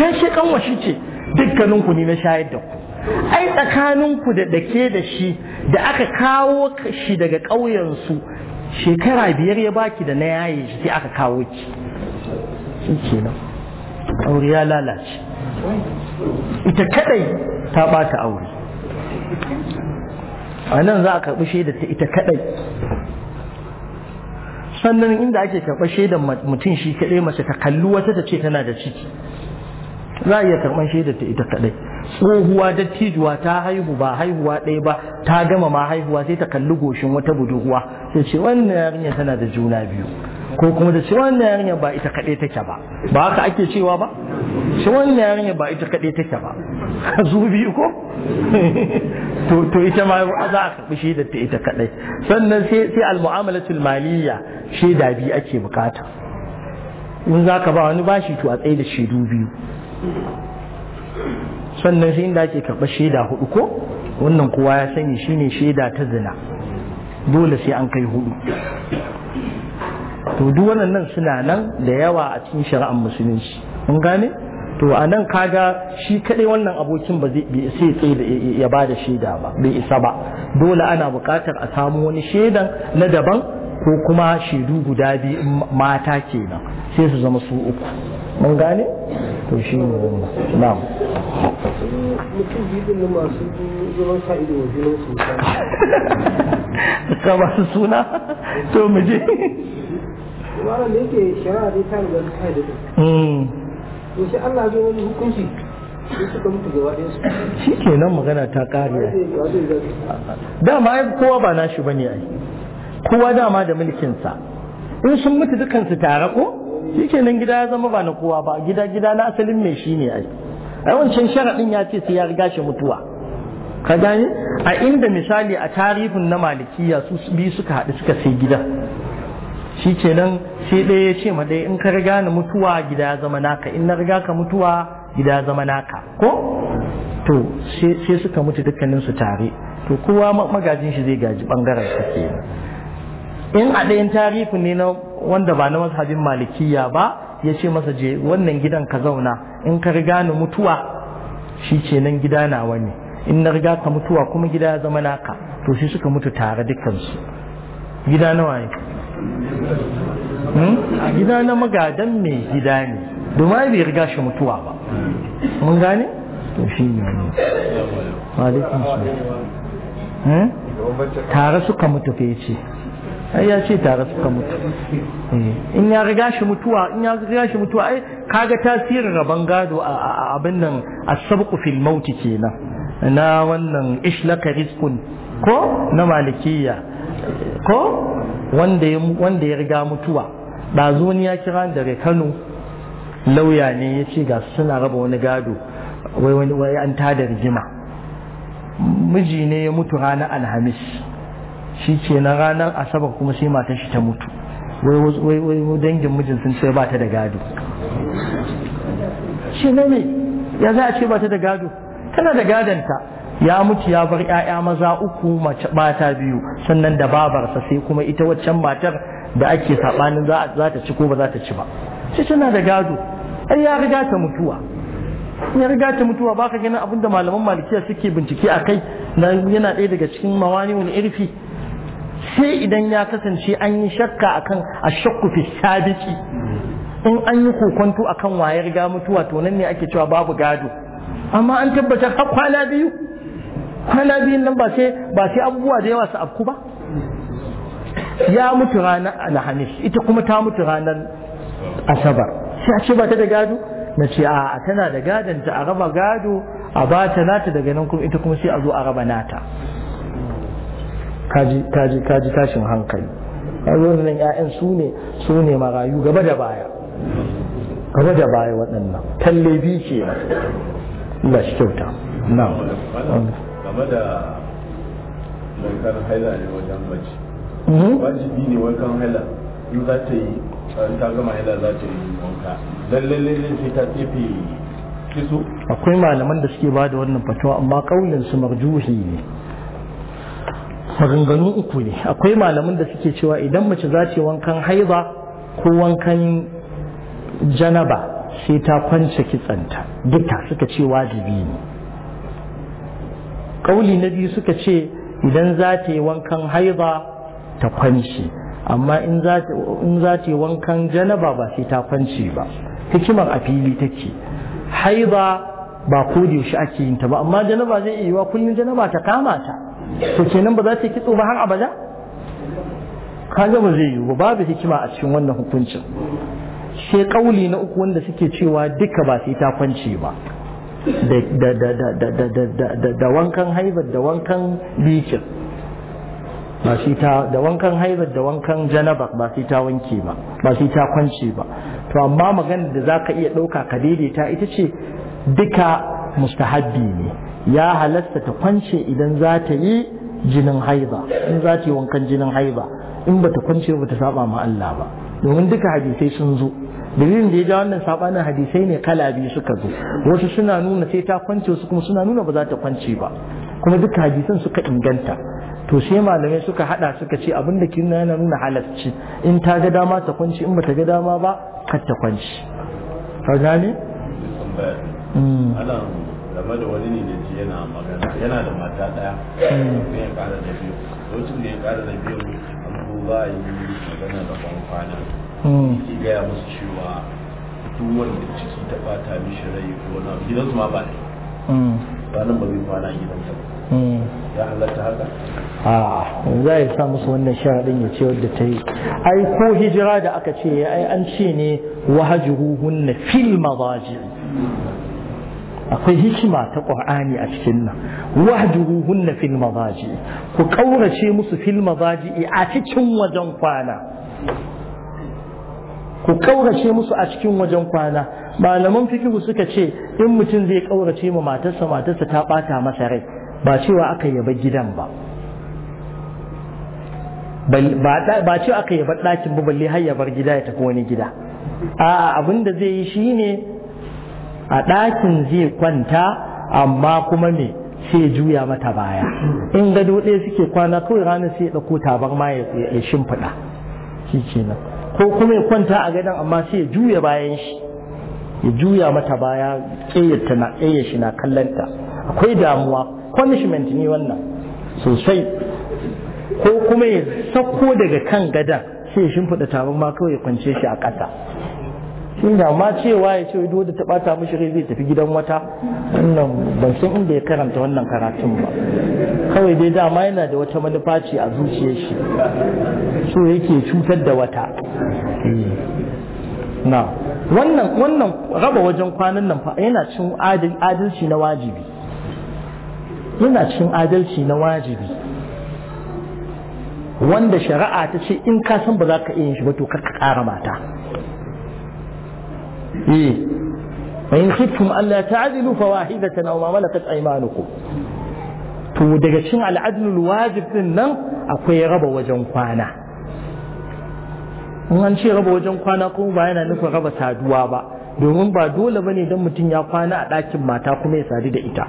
ke ke kanwar shi ce dukkanin ku ne na shayar da ku ai tsakanin ku da dake da shi da aka kawo shi daga ƙauyen su shekara biyar ya baki da na yaye shi sai aka kawo ki shi kenan aure ya lalace ita kadai ta bata aure a nan za a karɓi shaida ta ita kadai sannan inda ake karɓar shaidar mutum shi kaɗai mace ta kalli wata ta ce tana da ciki za a iya karɓar shaidar ta ita kaɗai tsohuwa dattijuwa ta haihu ba haihuwa ɗaya ba ta gama ma haihuwa sai ta kalli goshin wata budurwa sai ce wannan yarinya tana da juna biyu ko kuma da ce wannan yarinya ba ita kaɗai take ba ba haka ake cewa ba ce wannan yarinya ba ita kaɗai take ba [LAUGHS] su biyu ko to ita ma za a karɓi shaidar ta ita kadai sannan sai al-mu'amalatul maliyya shaida biyu ake bukata in za ka ba wani bashi to a tsaye da shaidu biyu sannan sai inda ake karɓar shaida hudu ko wannan kowa ya sani shine shaida ta zina dole sai an kai hudu to duk waɗannan suna nan da yawa a cikin shari'ar musulunci mun gane to a nan kaga shi kadai wannan abokin ba zai sai ya ba da shaida ba bai isa ba dole ana buƙatar a samu wani shaidan na daban ko kuma shaidu guda biyu mata kenan sai su zama su uku mun gane to shi ne na. mutum biyu masu zuwa sa ido wa ka ba su suna to mu je. Malam da yake shari'a dai ta riga ta da to sai Allah wani hukunci shi ke nan magana ta kariya dama ai kowa ba nashi bane ai kowa dama da mulkinsa in sun mutu dukansu tare ko shi ke nan gida ya zama ba na kowa ba gida gida na asalin mai shi ne ai ai wancan sharaɗin ya ce sai ya riga shi mutuwa ka gani? a inda misali a tarihin na malikiya su biyu suka haɗu suka sai gidan. shi ce nan sai ɗaya ya ce ma ɗaya in ka riga ni mutuwa gida zama naka in na riga ka mutuwa gida zama naka ko to sai suka mutu dukkanin su tare to kowa magajin shi zai gaji bangaren sa ke in a ɗayan tarihi ne na wanda ba na mazhabin malikiya ba ya ce masa je wannan gidan ka zauna in ka riga ni mutuwa shi ce nan gida nawa ne in na riga ka mutuwa kuma gida ya zama naka to sai suka mutu tare dukkansu gida nawa ne Hmm? gida na magadan mai gida ne domin bai riga shi mutuwa ba mun gane to shi ne malikin su hmm? tare suka mutu fa ce. ai ya ce tare suka mutu eh, in ya riga shi mutuwa in ya riga shi mutuwa ai kaga tasirin rabon gado a abin nan a sabqu fil ke kenan na wannan ishlaka riskun ko na malikiya ko wanda ya riga mutuwa ɗazu wani ya kira daga kano lauya ne ya ce ga suna raba wani gado wai an tada rigima miji ne ya mutu ranar alhamis shi ke na ranar asabar kuma sai matan shi ta mutu wai dangin mijin sun ce ba ta da gado shi ne ya za a ce ba ta da gado tana da gadonta ya mutu ya bar 'ya'ya maza uku mata biyu sannan da babarsa sai kuma ita waccan matar da ake saɓanin za ta ci ko ba za ta ci ba sai tana da gado ai ya riga ta mutuwa ya riga ta mutuwa baka ganin da malaman malikiya suke bincike a kai yana ɗaya daga cikin mawani wani irfi sai idan ya kasance an yi shakka akan ashakku fi sabiki in an yi kokonto akan wayar ga mutuwa to nan ne ake cewa babu gado amma an tabbatar har kwana biyu kwana biyun nan ba sai abubuwa da yawa su afku ba ya mutu ranar alhamis ita kuma ta mutu ranar asabar sai a ce ba ta da gado na ce a tana da gadon ta a raba gado a ba ta nata daga nan kuma ita kuma sai a zo a raba nata kaji tashin hankali a nan ƴaƴan su ne su ne marayu gaba da baya gaba da baya waɗannan talle bi ke Allah shi kyauta na'am game da wankan haila ne wajen mace mhm. wajibi ne wankan haila in za ta yi ta gama haila za ta yi wanka lallai lallai sai ta tsefe kiso akwai malaman da suke ba da wannan fatuwa amma kaulin su marjuhi ne maganganu uku ne akwai malaman da suke cewa idan mace za ta wankan haiza ko wankan janaba sai ta kwance kitsanta duka suka ce wajibi ne kauli na biyu suka ce idan za ta yi wankan haiba ta kwanci amma in za ta yi wankan janaba ba sai ta kwanci ba hikimar a fili take haiba ba ko da yaushe ake yin ta ba amma janaba zai iya yiwa kullum janaba ta kama ta to kenan ba za ta kitso ba har abada kaga ba zai yiwu babu hikima a cikin wannan hukuncin sai kauli na uku wanda suke cewa duka ba sai ta kwanci ba da wankan haibar da wankan bikin da wankan haibar da wankan janaba ba shi ta wanke ba ba shi ta kwance ba to amma magana da za ka iya ɗauka ka daidaita ita ce duka mustahabbi ne ya halasta ta kwance idan za ta yi jinin haiba in za ta yi wankan jinin haiba in ba ta kwance ba ta saba ma Allah ba domin duka hadisai sun zo dalilin da ya ja wannan sabanin hadisai ne kala biyu suka zo wasu suna nuna sai ta kwance wasu kuma suna nuna ba za ta kwance ba kuma duka hadisan suka inganta to sai malamai suka hada suka ce abin da kin yana nuna halarci in ta ga dama ta kwance in ba ta ga dama ba kar ta kwance ka gane mm. game da wani ne ji yana magana yana da mata daya ne mm. ya kara da biyu lokacin da ya kara da biyu an za a yi magana da kwana Hmm. ke gaya musu cewa duk wanda taɓa ta bata mishi rai ko na gidan su ma ba hmm. ne. ba nan zai kwana gidan ta. Hmm. ya halatta haka a ah, za ya sa musu wannan sharaɗin ya ce wadda ta yi ai ko hijira da aka ce ai an ce ne wahajuruhun na fil mazaji akwai hikima ta ƙur'ani a cikin nan wahjuruhun na fil mazaji ku ƙaurace musu fil mazaji a cikin wajen kwana ku kaurace musu a cikin wajen kwana malaman fikihu suka ce in mutum zai kaurace ma matarsa matarsa ta bata masa rai ba cewa aka yaba gidan ba ba cewa aka yaba ɗakin ba balle har ya bar gida ya tafi wani gida A'a abin da zai yi shine a ɗakin zai kwanta amma kuma me sai juya mata baya in gado ɗaya suke kwana kawai ranar sai ya ɗauko tabar ma ya shimfiɗa shi kenan ko kuma ya kwanta a gadon amma sai ya juya bayan shi ya juya mata baya ƙayyata na kallonta. shi na kallanta akwai damuwa punishment ne wannan sosai ko kuma ya sako daga kan gadon sai ya shimfiɗa taron ma kawai ya kwance shi a ƙasa shi da ma cewa ya ce dole ta bata mishi rai zai tafi gidan wata wannan ban san inda ya karanta wannan karatun ba kawai dai dama yana da wata manufa ce a zuciyar shi so yake cutar da wata eh. na wannan wannan raba wajen kwanan nan fa yana cin adalci na wajibi yana cin adalci na wajibi wanda shari'a ta ce in ka san ba za ka iya yin shi ba to ka ƙara mata eh wa in khiftum alla ta'dilu fawahidatan aw ma malakat aymanukum to daga cikin al'adlul wajib din nan akwai raba wajen kwana in an ce raba wajen kwana kuma ba yana nufin raba saduwa ba domin ba dole ne don mutum ya kwana a ɗakin mata kuma ya sadu da ita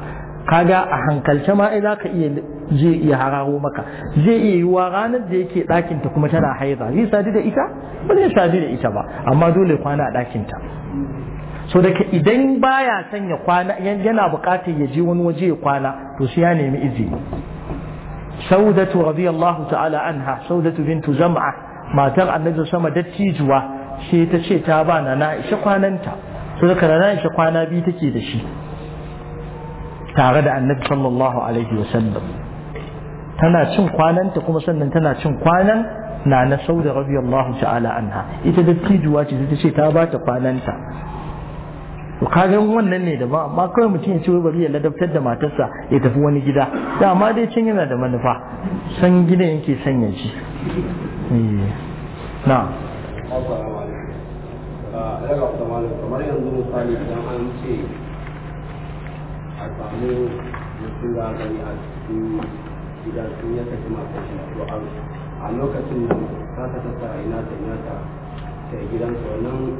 kaga a hankalce ma za ka iya je iya hararo maka zai iya yi wa ranar da yake ɗakinta kuma tana haiza zai sadu da ita ba zai sadu da ita ba amma dole kwana a ɗakinta so daga idan baya son ya kwana yana buƙatar ya je wani waje ya kwana to sai ya nemi izini saudatu radiyallahu ta'ala anha saudatu bintu zam'a matar annabi sama dattijuwa sai ta ce ta ba na na isha kwananta so daga na isha kwana biyu take da shi tare da annabi sallallahu alaihi wasallam tana cin kwananta kuma sannan tana cin kwanan na na sauda radiyallahu ta'ala anha ita dattijuwa ce ta ce ta ba ta kwananta to kagan wannan ne da ba amma kawai mutum ya ce bari ya ladabtar da matarsa ya tafi wani gida da amma dai can yana da manufa san gidan yake son ya ci eh, na ah, kamar yanzu misali an ce a samu mutum ya gani a cikin gida sun yata tafi masu shi to a lokacin nan ta ta ina ta ina ta ta gidan wannan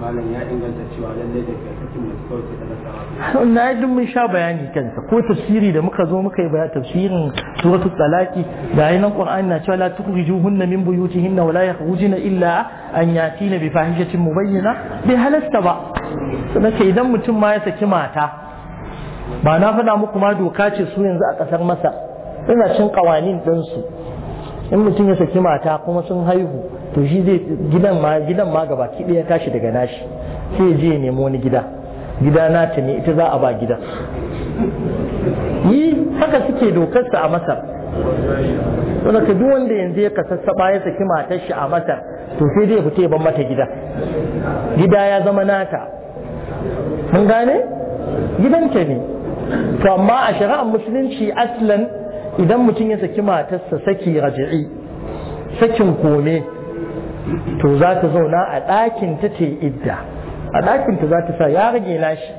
malam ya inganta cewa lallai da masu ta nasara na yi mun sha bayani kansa ko tafsiri da muka zo muka yi bayan tafsirin suratu talaki da ainihin qur'ani na cewa la tukhrijuhunna min buyutihinna wa la yakhrujuna illa an yatina bi fahishatin mubayyana bai halasta ba sanake idan mutum ma ya saki mata ba na faɗa muku ma doka ce su yanzu a ƙasar masa suna cin ƙawanin ɗinsu in mutum ya saki mata kuma sun haihu to shi zai gidan ma gidan ma gaba ki ya tashi daga nashi sai je ya nemo wani gida gida na ta ne ita za a ba gida yi haka suke dokar sa a masar wanda ka duk wanda yanzu ya kasassaba ya saki matar shi a masar to sai zai fita ban mata gida gida ya zama naka mun gane gidanta ne to amma a shari'ar musulunci aslan idan mutum ya saki matarsa saki raji'i sakin kome to za ta zauna a ɗakin ta ce idda a ɗakin ta za ta sa ya rage nashi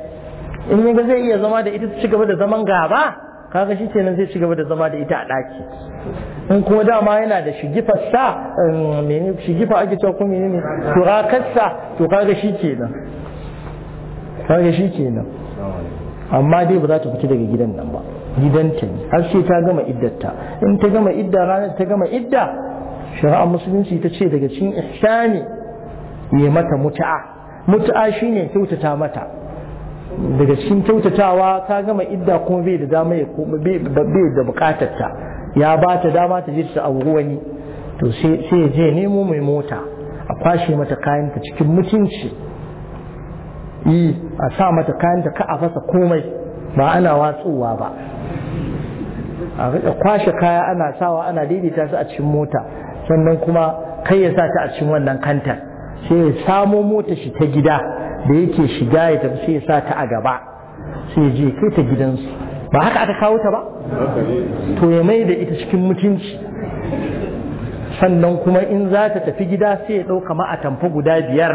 in yi ga zai iya zama da ita ta ci gaba da zaman gaba kaga shi kenan zai ci gaba da zama da ita a ɗaki in kuma dama yana da shigifa sa um, mene shigifa ake cewa ko ne? turakar sa to kaga shi kenan kaga shi kenan amma dai ba za ta fita daga gidan nan ba gidanta ne har sai ta gama iddarta in ta gama idda ranar ta gama idda shari'ar musulunci ta ce daga cikin ihsani ne mata mutu'a mutu'a shine kyautata mata daga cikin kyautatawa ta gama idda kuma bai da dama ya bai da bukatar ta ya ba ta dama ta je ta auri wani to sai ya je nemo mai mota a kwashe mata kayan cikin mutunci yi e, a sa mata kayan ka a fasa komai ba ana watsowa ba a kwashe kaya ana sawa ana daidaita su a cikin mota sannan kuma kai ya sa ta a cikin wannan kantar sai ya samo mota shi ta gida da yake shiga ya tafi sai ya sa ta a gaba sai je kai ta gidansu ba haka aka kawo ta ba to ya mai da ita cikin mutunci sannan kuma in za ta tafi gida sai ya ɗauka ma a tamfa guda biyar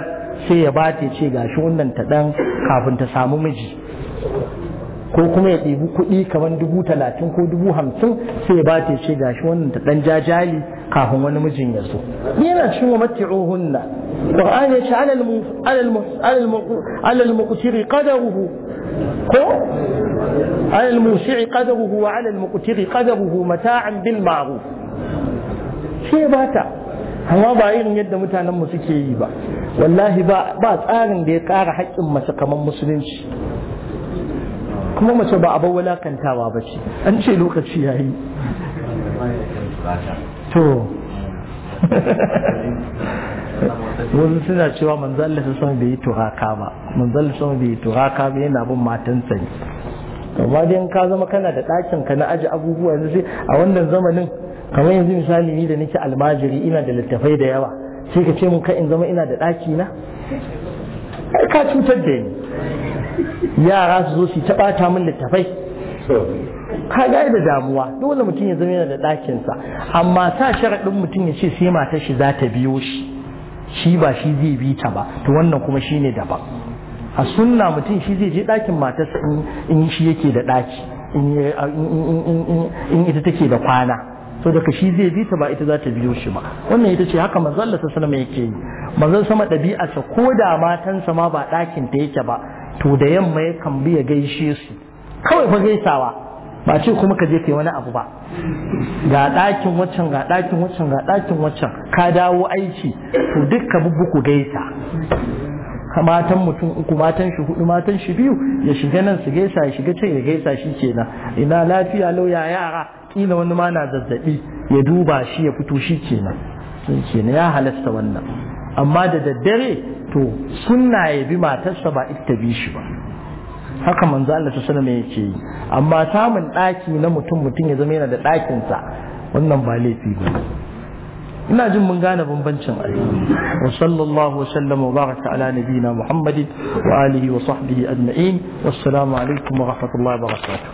sai ya ba ta ce gashi wannan ta ɗan kafin ta samu miji ko kuma ya ɗibi kuɗi kamar dubu talatin ko dubu hamsin sai ba ta ce gashi wannan ta ɗan jajali kafin wani mijin ya zo yana cikin wa matti'uhunna qur'ani ya ce alal muqtiri qadaruhu ko alal musi'i qadaruhu wa alal muqtiri qadaruhu mata'an bil ma'ruf sai ba ta amma ba irin yadda mutanen mu suke yi ba wallahi ba tsarin da ya ƙara haƙƙin mace kamar musulunci kuma mace ba a wulakantawa ba ce an ce lokaci ya yi to wasu suna cewa manzalla su son bai yi turaka ba manzalla su bai yi turaka ba yana bin matan ne amma dai ka zama kana da ɗakin ka na aji abubuwa yanzu sai a wannan zamanin kamar yanzu misali ni da nake almajiri ina da littafai da yawa sai ka ce mun ka in zama ina da ɗaki na ka cutar da ni yara su zo su ta bata min littafai ka ga da damuwa dole mutum ya zama yana da ɗakinsa amma sa sharaɗin mutum ya ce sai matar shi za ta biyo shi shi ba shi zai bi ta ba to wannan kuma shi ne daban a sunna mutum shi zai je ɗakin matarsa in shi yake da ɗaki in ita take da kwana to daga shi zai bi ta ba ita za ta biyo shi ba wannan ita ce haka manzon Allah sallallahu alaihi yake yi manzon sama ɗabi'arsa ko da matansa ma ba ɗakin ta yake ba to da yamma ya kan ya gaishe su kawai fa gaisawa ba ce kuma ka je kai wani abu ba ga ɗakin waccan ga ɗakin waccan ga ɗakin waccan ka dawo aiki to duk ka gaisa matan mutum uku matan shi hudu matan shi biyu ya shiga nan su gaisa ya shiga can ya gaisa shi ke nan. ina lafiya lauya yara kila wani ma na zazzabi ya duba shi ya fito shi ke nan ya halasta wannan amma da daddare to suna ya bi matarsa ba ita bi shi ba haka manzo Allah ta sallama yake yi amma samun ɗaki na mutum mutum ya zama yana da ɗakinsa wannan ba laifi ba ina jin mun gane bambancin ayyuka wa sallallahu wasallam wa baraka ala nabiyina muhammadin wa alihi wa sahbihi ajma'in wassalamu alaikum wa rahmatullahi wa barakatuh